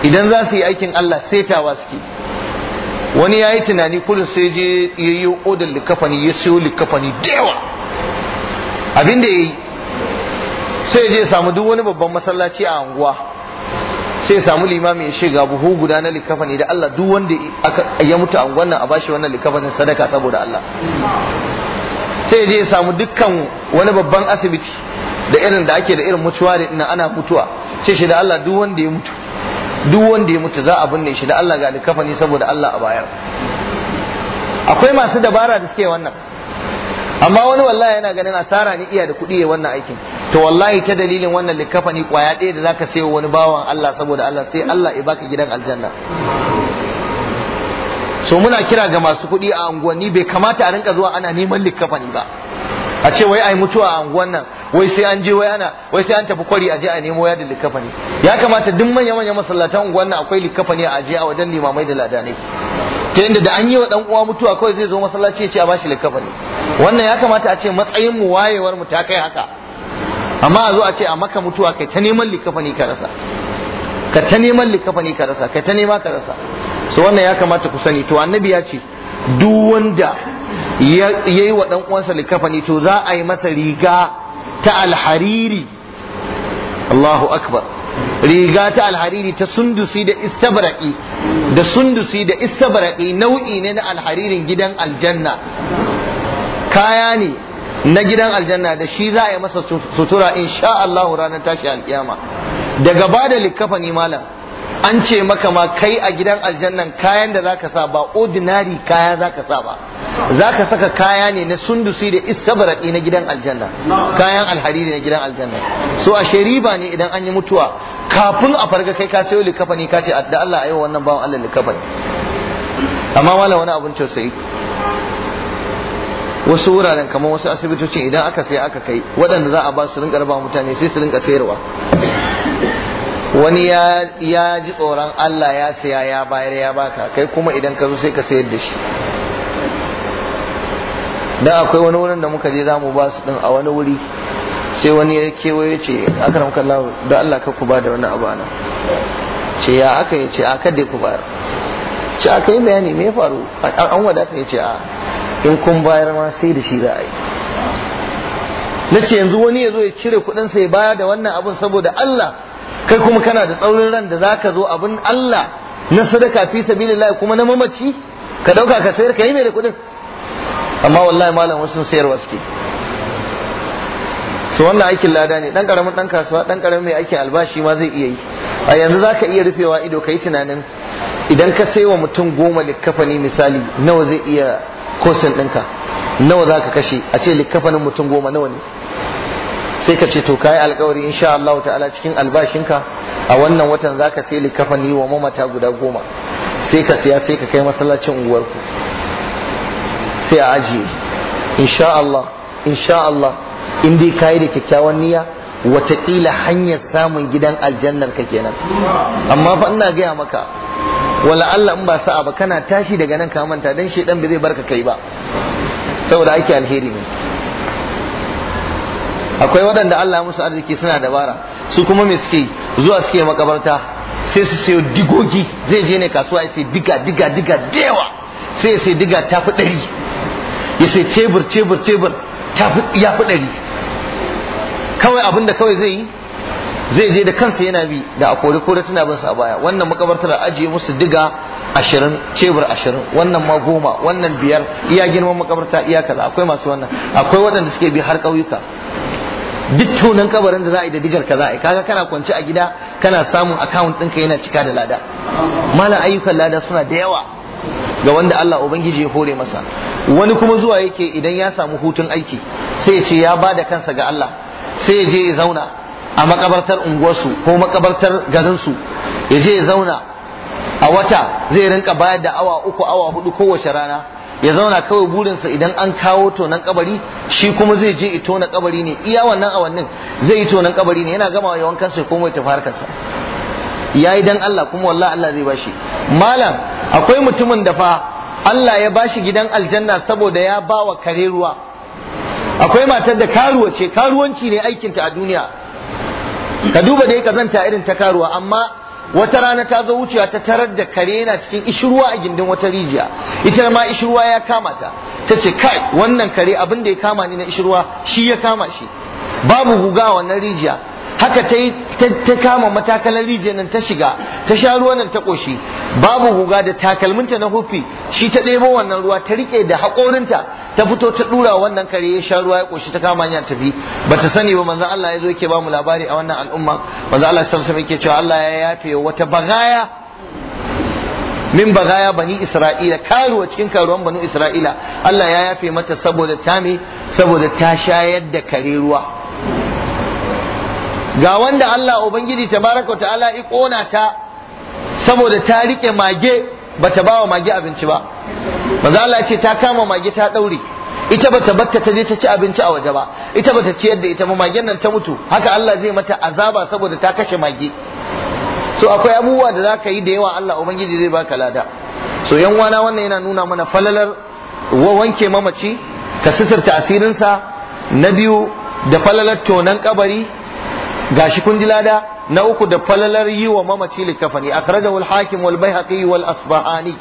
idan za su yi aikin Allah setawa suke wani ya yi tunani kudin sai je ya yi odin likafani ya siyo likafani da yawa abin da ya yi sai je samu duk wani babban masallaci a anguwa sai samu limami ya shiga buhu guda na likafani da Allah duk wanda ya mutu a wannan a bashi wannan likafanin sadaka saboda Allah sai je ya samu dukkan wani babban asibiti da irin da ake da irin mutuwa da ina ana mutuwa ce shi da Allah duk wanda ya mutu duk wanda ya mutu za a binne shi da Allah ga likafani saboda Allah a bayar akwai masu dabara da suke wannan amma wani wallahi yana ganin asara ne iya da kuɗi ya wannan aikin to wallahi ta dalilin wannan likafani kwaya ɗaya da zaka sayo wani bawan Allah saboda Allah sai Allah ya baka gidan aljanna so muna kira ga masu kuɗi a unguwanni bai kamata a rinka zuwa ana neman likafani ba a ce wai ai mutuwa a unguwan nan wai sai an je wai ana wai sai an tafi kwari a je a nemo yadin likafani ya kamata duk manya manyan masallatan unguwan nan akwai likafani a je a wajen limamai da ladanai ta yadda da an yi wa dan mutuwa kawai zai zo masallaci ya ce a bashi likafani wannan ya kamata a ce matsayin mu wayewar mu ta kai haka amma a zo a ce a maka mutuwa kai ta neman likafani ka rasa ka ta neman likafani ka rasa ka ta nema ka rasa so wannan ya kamata ku sani to annabi ya ce duk wanda ya yi wa ɗan'uwansa uwansa likafani to za a yi masa riga ta alhariri Allahu akbar riga ta alhariri ta sundusi da istabraki da sundusi da istabraki nau'i ne na alharirin gidan aljanna kaya ne na gidan aljanna da shi za a yi masa sutura insha Allah ranar tashi alkiyama daga ba da likafa ne malam an ce maka ma kai a gidan aljannan kayan da zaka sa ba ordinary kaya zaka sa ba zaka saka kaya ne na sundusi da istabraqi na gidan aljanna kayan alhariri na gidan aljanna so a shariba ne idan an yi mutuwa kafin a farga kai ka sayo likafani ka ce da Allah ayo wannan bawan Allah likafani amma wala wani abun sai wasu wuraren kamar wasu asibitocin idan aka sai aka kai waɗanda za a ba su rinka raba mutane sai su rinka sayarwa wani ya ji tsoron Allah ya siya ya bayar ya baka kai kuma idan ka zo sai ka sayar da shi dan akwai wani wurin da muka je za mu ba su din a wani wuri sai wani ya kewaye ce akram kallahu da Allah ka ku ba da wani abu ana ce ya aka yi ce a kada ku bayar ce aka yi bayani me faru an wadata ya ce a in kun bayar ma sai da shi za a yi na ce yanzu wani ya zo ya cire kudinsa sai baya da wannan abun saboda Allah kai kuma kana da tsaurin ran da zaka zo abin Allah na sadaka fi sabilillah kuma na mamaci ka dauka ka sayar ka yi mai da kuɗin amma wallahi malam wasu sayarwa suke su wannan aikin lada ne dan karamin dan kasuwa dan karamin mai aikin albashi ma zai iya yi a yanzu zaka iya rufewa ido kai tunanin idan ka sai wa mutum goma likkafani misali nawa zai iya kosin ɗinka nawa zaka kashe a ce likkafanin mutum goma nawa ne sai ka ce to kai alkawari insha Allah ta'ala cikin albashinka a wannan watan zaka sai likafani wa mamata guda goma sai ka siya sai ka kai masallacin unguwarku sai a ajiye insha Allah insha Allah in dai kai da kyakkyawan niyya watakila hanyar samun gidan aljannar ka kenan amma fa ina gaya maka wala Allah in ba sa'a ba kana tashi daga nan ka manta dan shedan ba zai barka kai ba saboda ake alheri ne akwai waɗanda Allah musu arziki suna dabara su kuma me suke zuwa suke makabarta sai su sayo digogi zai je ne kasuwa ya sai diga diga diga dewa sai ya sai diga tafi ɗari ya sai cebur cebur cebur ya fi ɗari kawai abin da kawai zai yi zai je da kansa yana bi da a kore kore suna bin sa a baya wannan makabartar ajiye musu diga ashirin cebur ashirin wannan ma goma wannan biyar iya girman makabarta iya kaza akwai masu wannan akwai waɗanda suke bi har ƙauyuka duk tunan kabarin da za a yi da digar ka za a yi kaga kana kwance a gida kana samun account ɗinka yana cika da lada malam ayyukan lada suna da yawa ga wanda Allah ubangiji ya hore masa wani kuma zuwa yake idan ya samu hutun aiki sai ya ce ya ba kansa ga Allah sai ya je ya zauna a makabartar unguwarsu ko makabartar garinsu ya je ya zauna a wata zai rinka bayar da awa uku awa hudu kowace rana ya zauna kawai burinsa idan an kawo tonan kabari shi kuma zai je ito na kabari ne iya wannan awannin zai yi tonan kabari ne yana gama yawan kansa ya koma ya tafi harkarsa ya yi dan Allah kuma wallah Allah zai bashi malam akwai mutumin da fa Allah ya bashi gidan aljanna saboda ya bawa kare ruwa akwai matar da karuwa ce karuwanci ne aikinta a duniya ka duba dai kazanta irin ta karuwa amma wata rana ta zo wucewa ta tarar da kare yana cikin ishirwa a gindin wata rijiya ita ma ishirwa ya kama ta ta ce kai wannan kare abin da ya kama ni na ishirwa shi ya kama shi babu guga a wannan rijiya haka ta yi ta kama matakalar rijiyar ta shiga ta sha ruwan nan ta koshi babu guga da takalminta na hufi shi ta ɗebo wannan ruwa ta riƙe da haƙorinta ta fito ta ɗura wannan kare ya sha ruwa ya koshi ta kama hanya tafi bata sani ba manzan Allah ya zo yake ba mu labari a wannan al'umma manzan Allah sallallahu alaihi yake cewa Allah ya yafe wata bagaya min bagaya bani Isra'ila karuwa cikin karuwan bani Isra'ila Allah ya yafe mata saboda ta me saboda ta shayar da kare ruwa ga wanda Allah ubangiji ta tabaraka ta'ala i kona ta saboda ta rike mage bata ba wa mage abinci ba manzo Allah ya ce ta kama mage ta daure ita bata batta ta je ta ci abinci a waje ba ita bata ci da ita ba magen nan ta mutu haka Allah zai mata azaba saboda ta kashe mage so akwai abubuwa da zaka yi da yawa Allah ubangiji zai baka lada so yan wana wannan yana nuna mana falalar wanke mamaci ka asirin asirinsa na biyu da falalar tonan kabari gashi kun ji lada na uku da falalar yi wa mamaci likafani akhrajahu al-hakim wal baihaqi wal asbahani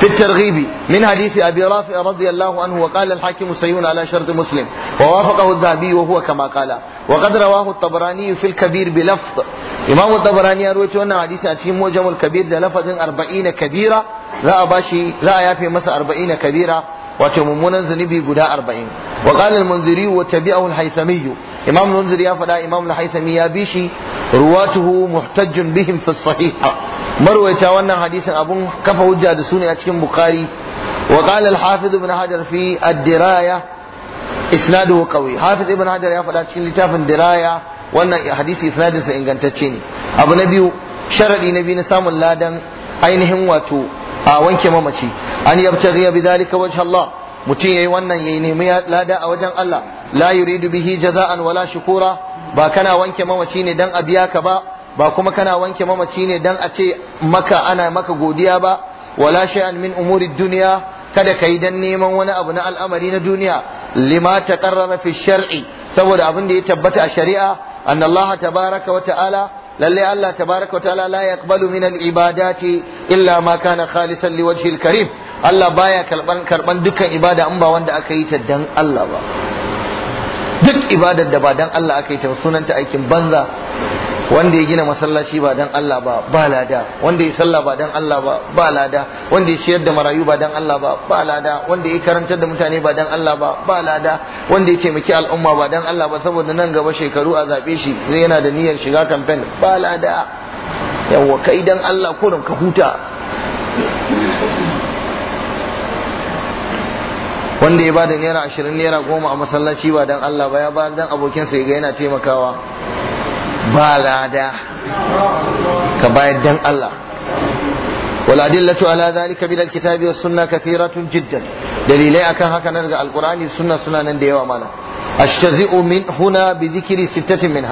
في الترغيب من حديث أبي رافع رضي الله عنه وقال الحاكم سيون على شرط مسلم ووافقه الذهبي وهو كما قال وقد رواه الطبراني في الكبير بلفظ إمام الطبراني أرويت أن حديث أتيم موجم الكبير ده لفظ أربعين كبيرة لا أباشي لا يافي مسا أربعين كبيرة وتممون زنبي قداء أربعين وقال المنذري وتبعه الحيثمي imam munzir ya faɗa imam al-haythami ya bi shi ruwatuhu muhtajjun bihim fi sahiha wannan hadisin abun kafa hujja da sune a cikin bukhari wa qala al-hafiz ibn hajar fi ad-diraya isnaduhu qawi hafiz ibn hajar ya faɗa cikin littafin diraya wannan hadisi isnadin sa ingantacce ne abu na biyu sharadi na biyu na samun ladan ainihin wato a wanke mamaci an yabtaghi bi dhalika wajha Allah mutum yi wannan ya nemi lada a wajen Allah la yuridu bihi jaza'an wala shukura ba kana wanke mamaci ne dan a biya ka ba ba kuma kana wanke mamaci ne dan a ce maka ana maka godiya ba wala shay'an min umuri dunya kada kai dan neman wani abu na al'amari na duniya lima taqarrara fi shar'i saboda abin da ya tabbata a shari'a annallaha Allah tabaraka wa ta'ala lalle Allah tabaraka wa ta'ala la yaqbalu min al-ibadati illa ma kana khalisan liwajhi al-karim Allah baya karban karban dukkan ibada in ba wanda aka yi ta dan Allah ba duk ibadar da ba dan Allah aka yi ta sunanta aikin banza wanda ya gina masallaci ba dan Allah ba ba lada wanda ya sallah ba dan Allah ba ba lada wanda ya ciyar da marayu ba dan Allah ba ba lada wanda ya karantar da mutane ba dan Allah ba ba lada wanda ya taimaki al'umma ba dan Allah ba saboda nan gaba shekaru a zabe shi zai yana da niyyar shiga campaign ba lada yawa kai dan Allah kurin ka huta wanda ya bada da naira ashirin naira goma a masallaci ba dan Allah ba ya bayar da abokin su yaga yana taimakawa. ba lada ka bayar dan Allah. wala addu'a la zali ka bi daga kitabiyar suna ka tun jiddar dalilai akan haka nan ga al'ukurani suna suna nan da yawa mana. a shi ta zi min huna bi zikiri sitatin min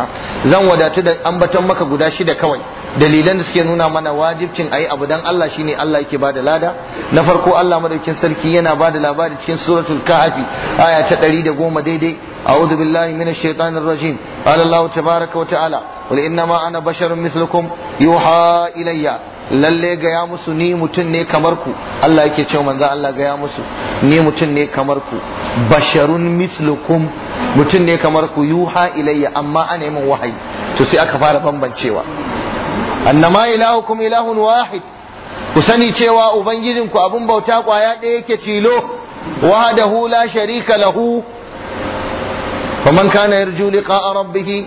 zan wadatu da an maka guda shida kawai. dalilan da suke nuna mana wajibcin ayi abu dan Allah shine Allah yake bada lada na farko Allah madaukin sarki yana bada labari cikin suratul kahfi aya ta 110 daidai a'udhu billahi minash shaitanir rajim qala Allah tabaaraka wa ta'ala qul ma ana basharun mithlukum yuha ilayya lalle gaya musu ni mutun ne kamar ku Allah yake cewa manzo Allah gaya musu ni mutun ne kamar ku basharun mithlukum mutun ne kamar ku yuha ilayya amma ana yin wahayi to sai aka fara bambancewa annama ilahukum ilahun wahid ku sani cewa ku abin bauta kwaya ɗaya yake tilo wahdahu la sharika lahu man kana yarju liqa'a rabbih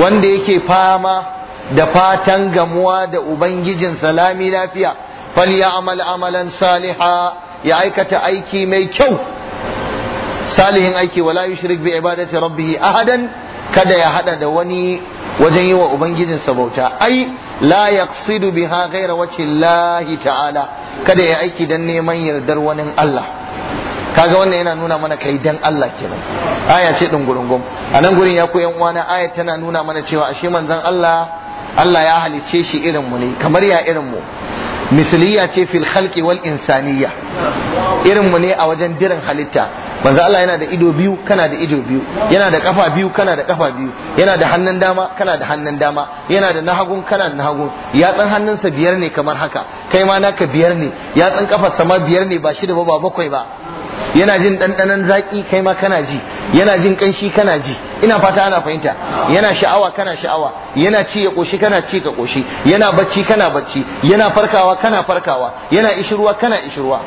wanda yake fama da fatan gamuwa da ubangijin salami lafiya falyamal amalan saliha ya aikata aiki mai kyau salihin aiki wala yushrik bi ibadati rabbih ahadan kada ya hada da wani wajen yi wa ubangijinsa bauta ai la yaqsidu biha gaira wajhi lahi ta'ala kada ya aiki dan neman yardar wani Allah kaga wannan yana nuna mana kai dan Allah kenan aya ce din a nan gurin ya ku yan uwana aya tana nuna mana cewa ashe manzon Allah Allah ya halicce shi irin mu ne kamar ya irin mu misliya ce fil khalqi wal insaniya irin mu ne a wajen dirin halitta manzo Allah yana da ido biyu kana da ido biyu yana da kafa biyu kana da kafa biyu yana da hannun dama kana da hannun dama yana da nahagun kana da nahagun yatsan hannunsa biyar ne kamar haka kai ma naka biyar ne yatsan kafarsa ma biyar ne ba shida ba ba bakwai ba yana jin ɗanɗanon zaƙi kai ma kana ji yana jin ƙanshi kana ji ina fata ana fahimta yana sha'awa kana sha'awa yana ci ya ƙoshi kana ci ka ƙoshi yana bacci kana bacci yana farkawa kana farkawa yana ishirwa kana ishirwa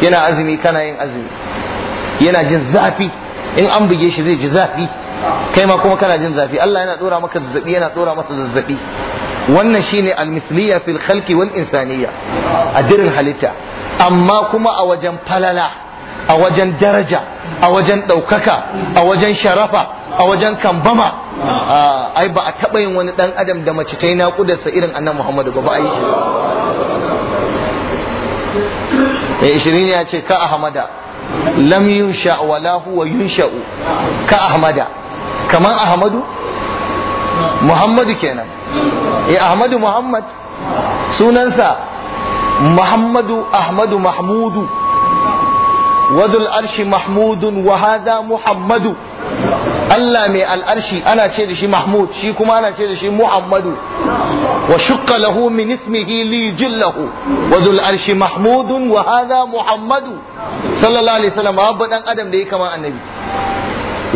yana azumi kana yin azumi yana jin zafi in an buge shi zai ji zafi kai ma kuma kana jin zafi Allah yana dora maka zazzabi yana dora masa zazzabi wannan shine al-misliya fil khalqi wal insaniya a halitta amma kuma a wajen falala a wajen daraja a wajen ɗaukaka a wajen sharafa a wajen kambama ai ba a taɓa yin wani ɗan adam da mace ta yi sa irin annan muhammadu ba ba a yi shi mai ishirin ya ce ka ahmada lam yunsha wala huwa yunsha'u ka ahmada kaman ahmadu muhammadu kenan eh ahmadu muhammad sunansa Muhammadu أحمد محمود وذو الأرش محمود وهذا Allah mai al'arshi ana ce da shi Mahmud shi kuma ana ce da shi Muhammadu wa shukka lahu min ismihi li jillahu wa zul Mahmudun wa Muhammadu sallallahu alaihi wasallam babu dan adam da ya kama annabi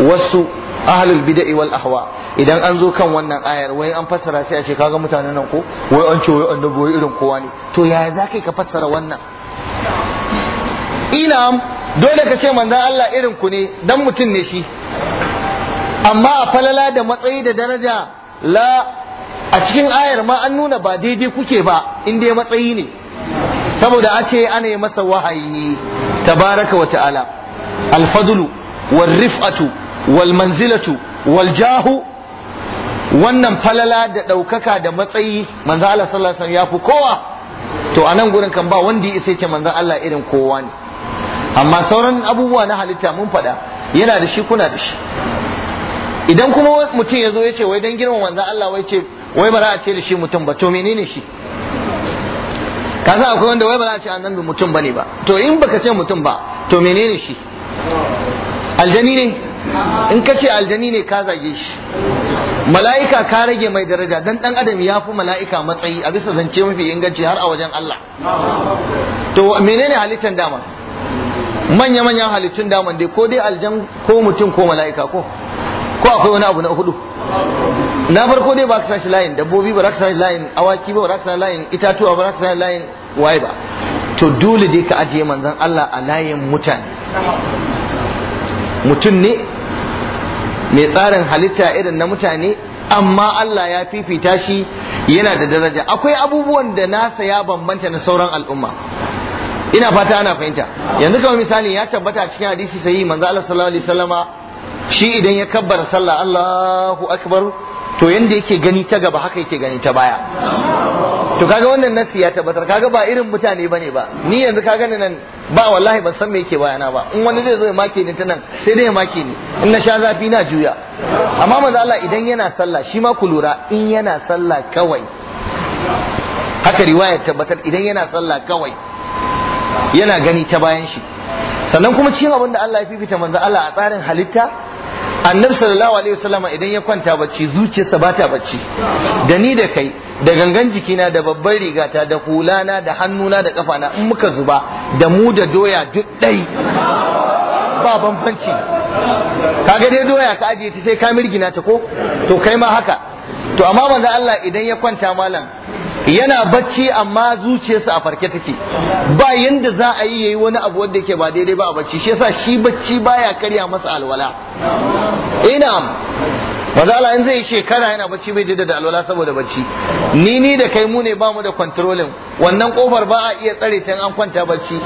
wasu ahlul bid'i wal ahwa idan an zo kan wannan ayar wai an fassara sai a ce kaga mutanen nan ko wai an ce wai annabi wai irin kowa ne to yaya za ka fassara wannan ina dole ka ce manzon Allah irin ku ne dan mutum ne shi amma a falala da matsayi da daraja la a cikin ayar ma an nuna ba daidai kuke ba in dai matsayi ne saboda a ce ana yi masa wahayi tabaraka wa ta'ala alfadlu warrifatu. wal manzilatu wal jahu wannan falala da ɗaukaka da matsayi manzo Allah sallallahu alaihi wasallam ya fi kowa to a nan gurin kan ba wanda ya ce manzo Allah irin kowa ne amma sauran abubuwa na halitta mun faɗa yana da shi kuna da shi idan kuma mutum ya zo ya ce wai dan girman manzo Allah wai ce wai ba za a ce da shi mutum ba to menene shi ka san akwai wanda wai ba za a ce annabi mutum bane ba to in baka ce mutum ba to menene shi aljani ne in ka ce aljani ne ka zage shi mala'ika ka rage mai daraja dan dan adam ya fi mala'ika matsayi a bisa zance mafi inganci har a wajen Allah to menene halittar dama manya manyan halittun dama dai ko dai aljan ko mutum ko mala'ika ko ko akwai wani abu na hudu na farko dai ba ka sashi layin dabbobi ba ka sashi layin awaki ba ba ka sashi layin itatuwa ba ka sashi layin waye ba to dole dai ka ajiye manzon Allah a layin mutane mutum ne mai tsarin halitta irin na mutane amma Allah ya fifita shi yana da daraja akwai abubuwan da nasa ya bambanta na sauran al'umma ina fata ana fahimta yanzu kamar misali ya tabbata cikin hadisi sahihi manzo Allah sallallahu alaihi wasallama shi idan ya kabbara sallah Allahu akbar to yanda yake gani ta gaba haka yake gani ta baya to kaga wannan nasi ya tabbatar kaga ba irin mutane bane ba ni yanzu kaga ni nan ba wallahi ban san me yake bayana ba in wani zai zo ya make ni ta nan sai dai ya make ni in na sha zafi na juya amma manzo Allah idan yana sallah shi ma ku lura in yana sallah kawai haka riwayar tabbatar idan yana sallah kawai yana gani ta bayan shi sannan kuma cikin abin da Allah ya fifita manzo Allah a tsarin halitta annabi sallallahu alaihi wasallam idan ya kwanta bacci zuciyarsa ba ta bacci da ni da kai da gangan jikina da babban rigata da hulana da hannuna da kafana in muka zuba da mu da doya duk dai ba bambanci kaga dai doya ka ajiye ta sai ka mirgina ta ko to kai ma haka to amma manzo Allah idan ya kwanta malam yana bacci amma zuciyarsa a farke take ba yanda za a yi yayi wani abu wanda yake ba daidai ba a bacci shi yasa shi bacci baya karya masa alwala ina eh, maza Allah in zai shekara yana bacci bai jaddada alwala saboda bacci ni ni da kai mu ne ba mu da controlling wannan kofar ba a iya tsare ta an kwanta bacci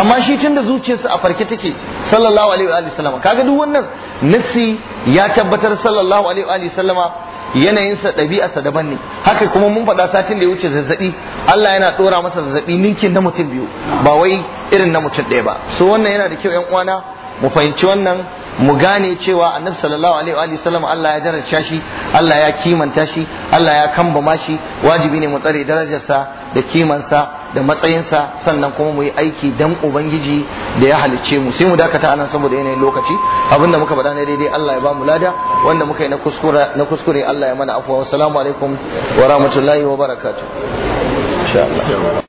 amma shi tunda zuciyarsa a farke take sallallahu alaihi wa sallama kaga duk wannan nassi ya tabbatar sallallahu alaihi wa sallama Yanayin yanayinsa ɗabi'arsa daban ne haka kuma mun faɗa satin da ya wuce zazzaɓi Allah yana ɗora masa zazzaɓi ninkin na mutum biyu ba wai irin na mutum ɗaya ba so wannan yana da kyau yan uwana mu fahimci wannan mu gane cewa annabi sallallahu alaihi wa sallam Allah ya daraja shi Allah ya kimanta shi Allah ya kambama shi wajibi ne mu tsare darajarsa da kimansa da matsayinsa sannan kuma mu yi aiki dan ubangiji da ya halicce mu sai mu dakata anan saboda yanayin lokaci abinda muka faɗa ne daidai Allah ya ba mu lada wanda muka yi na kuskure na kuskure Allah ya mana afwa assalamu alaikum wa rahmatullahi wa barakatuh insha Allah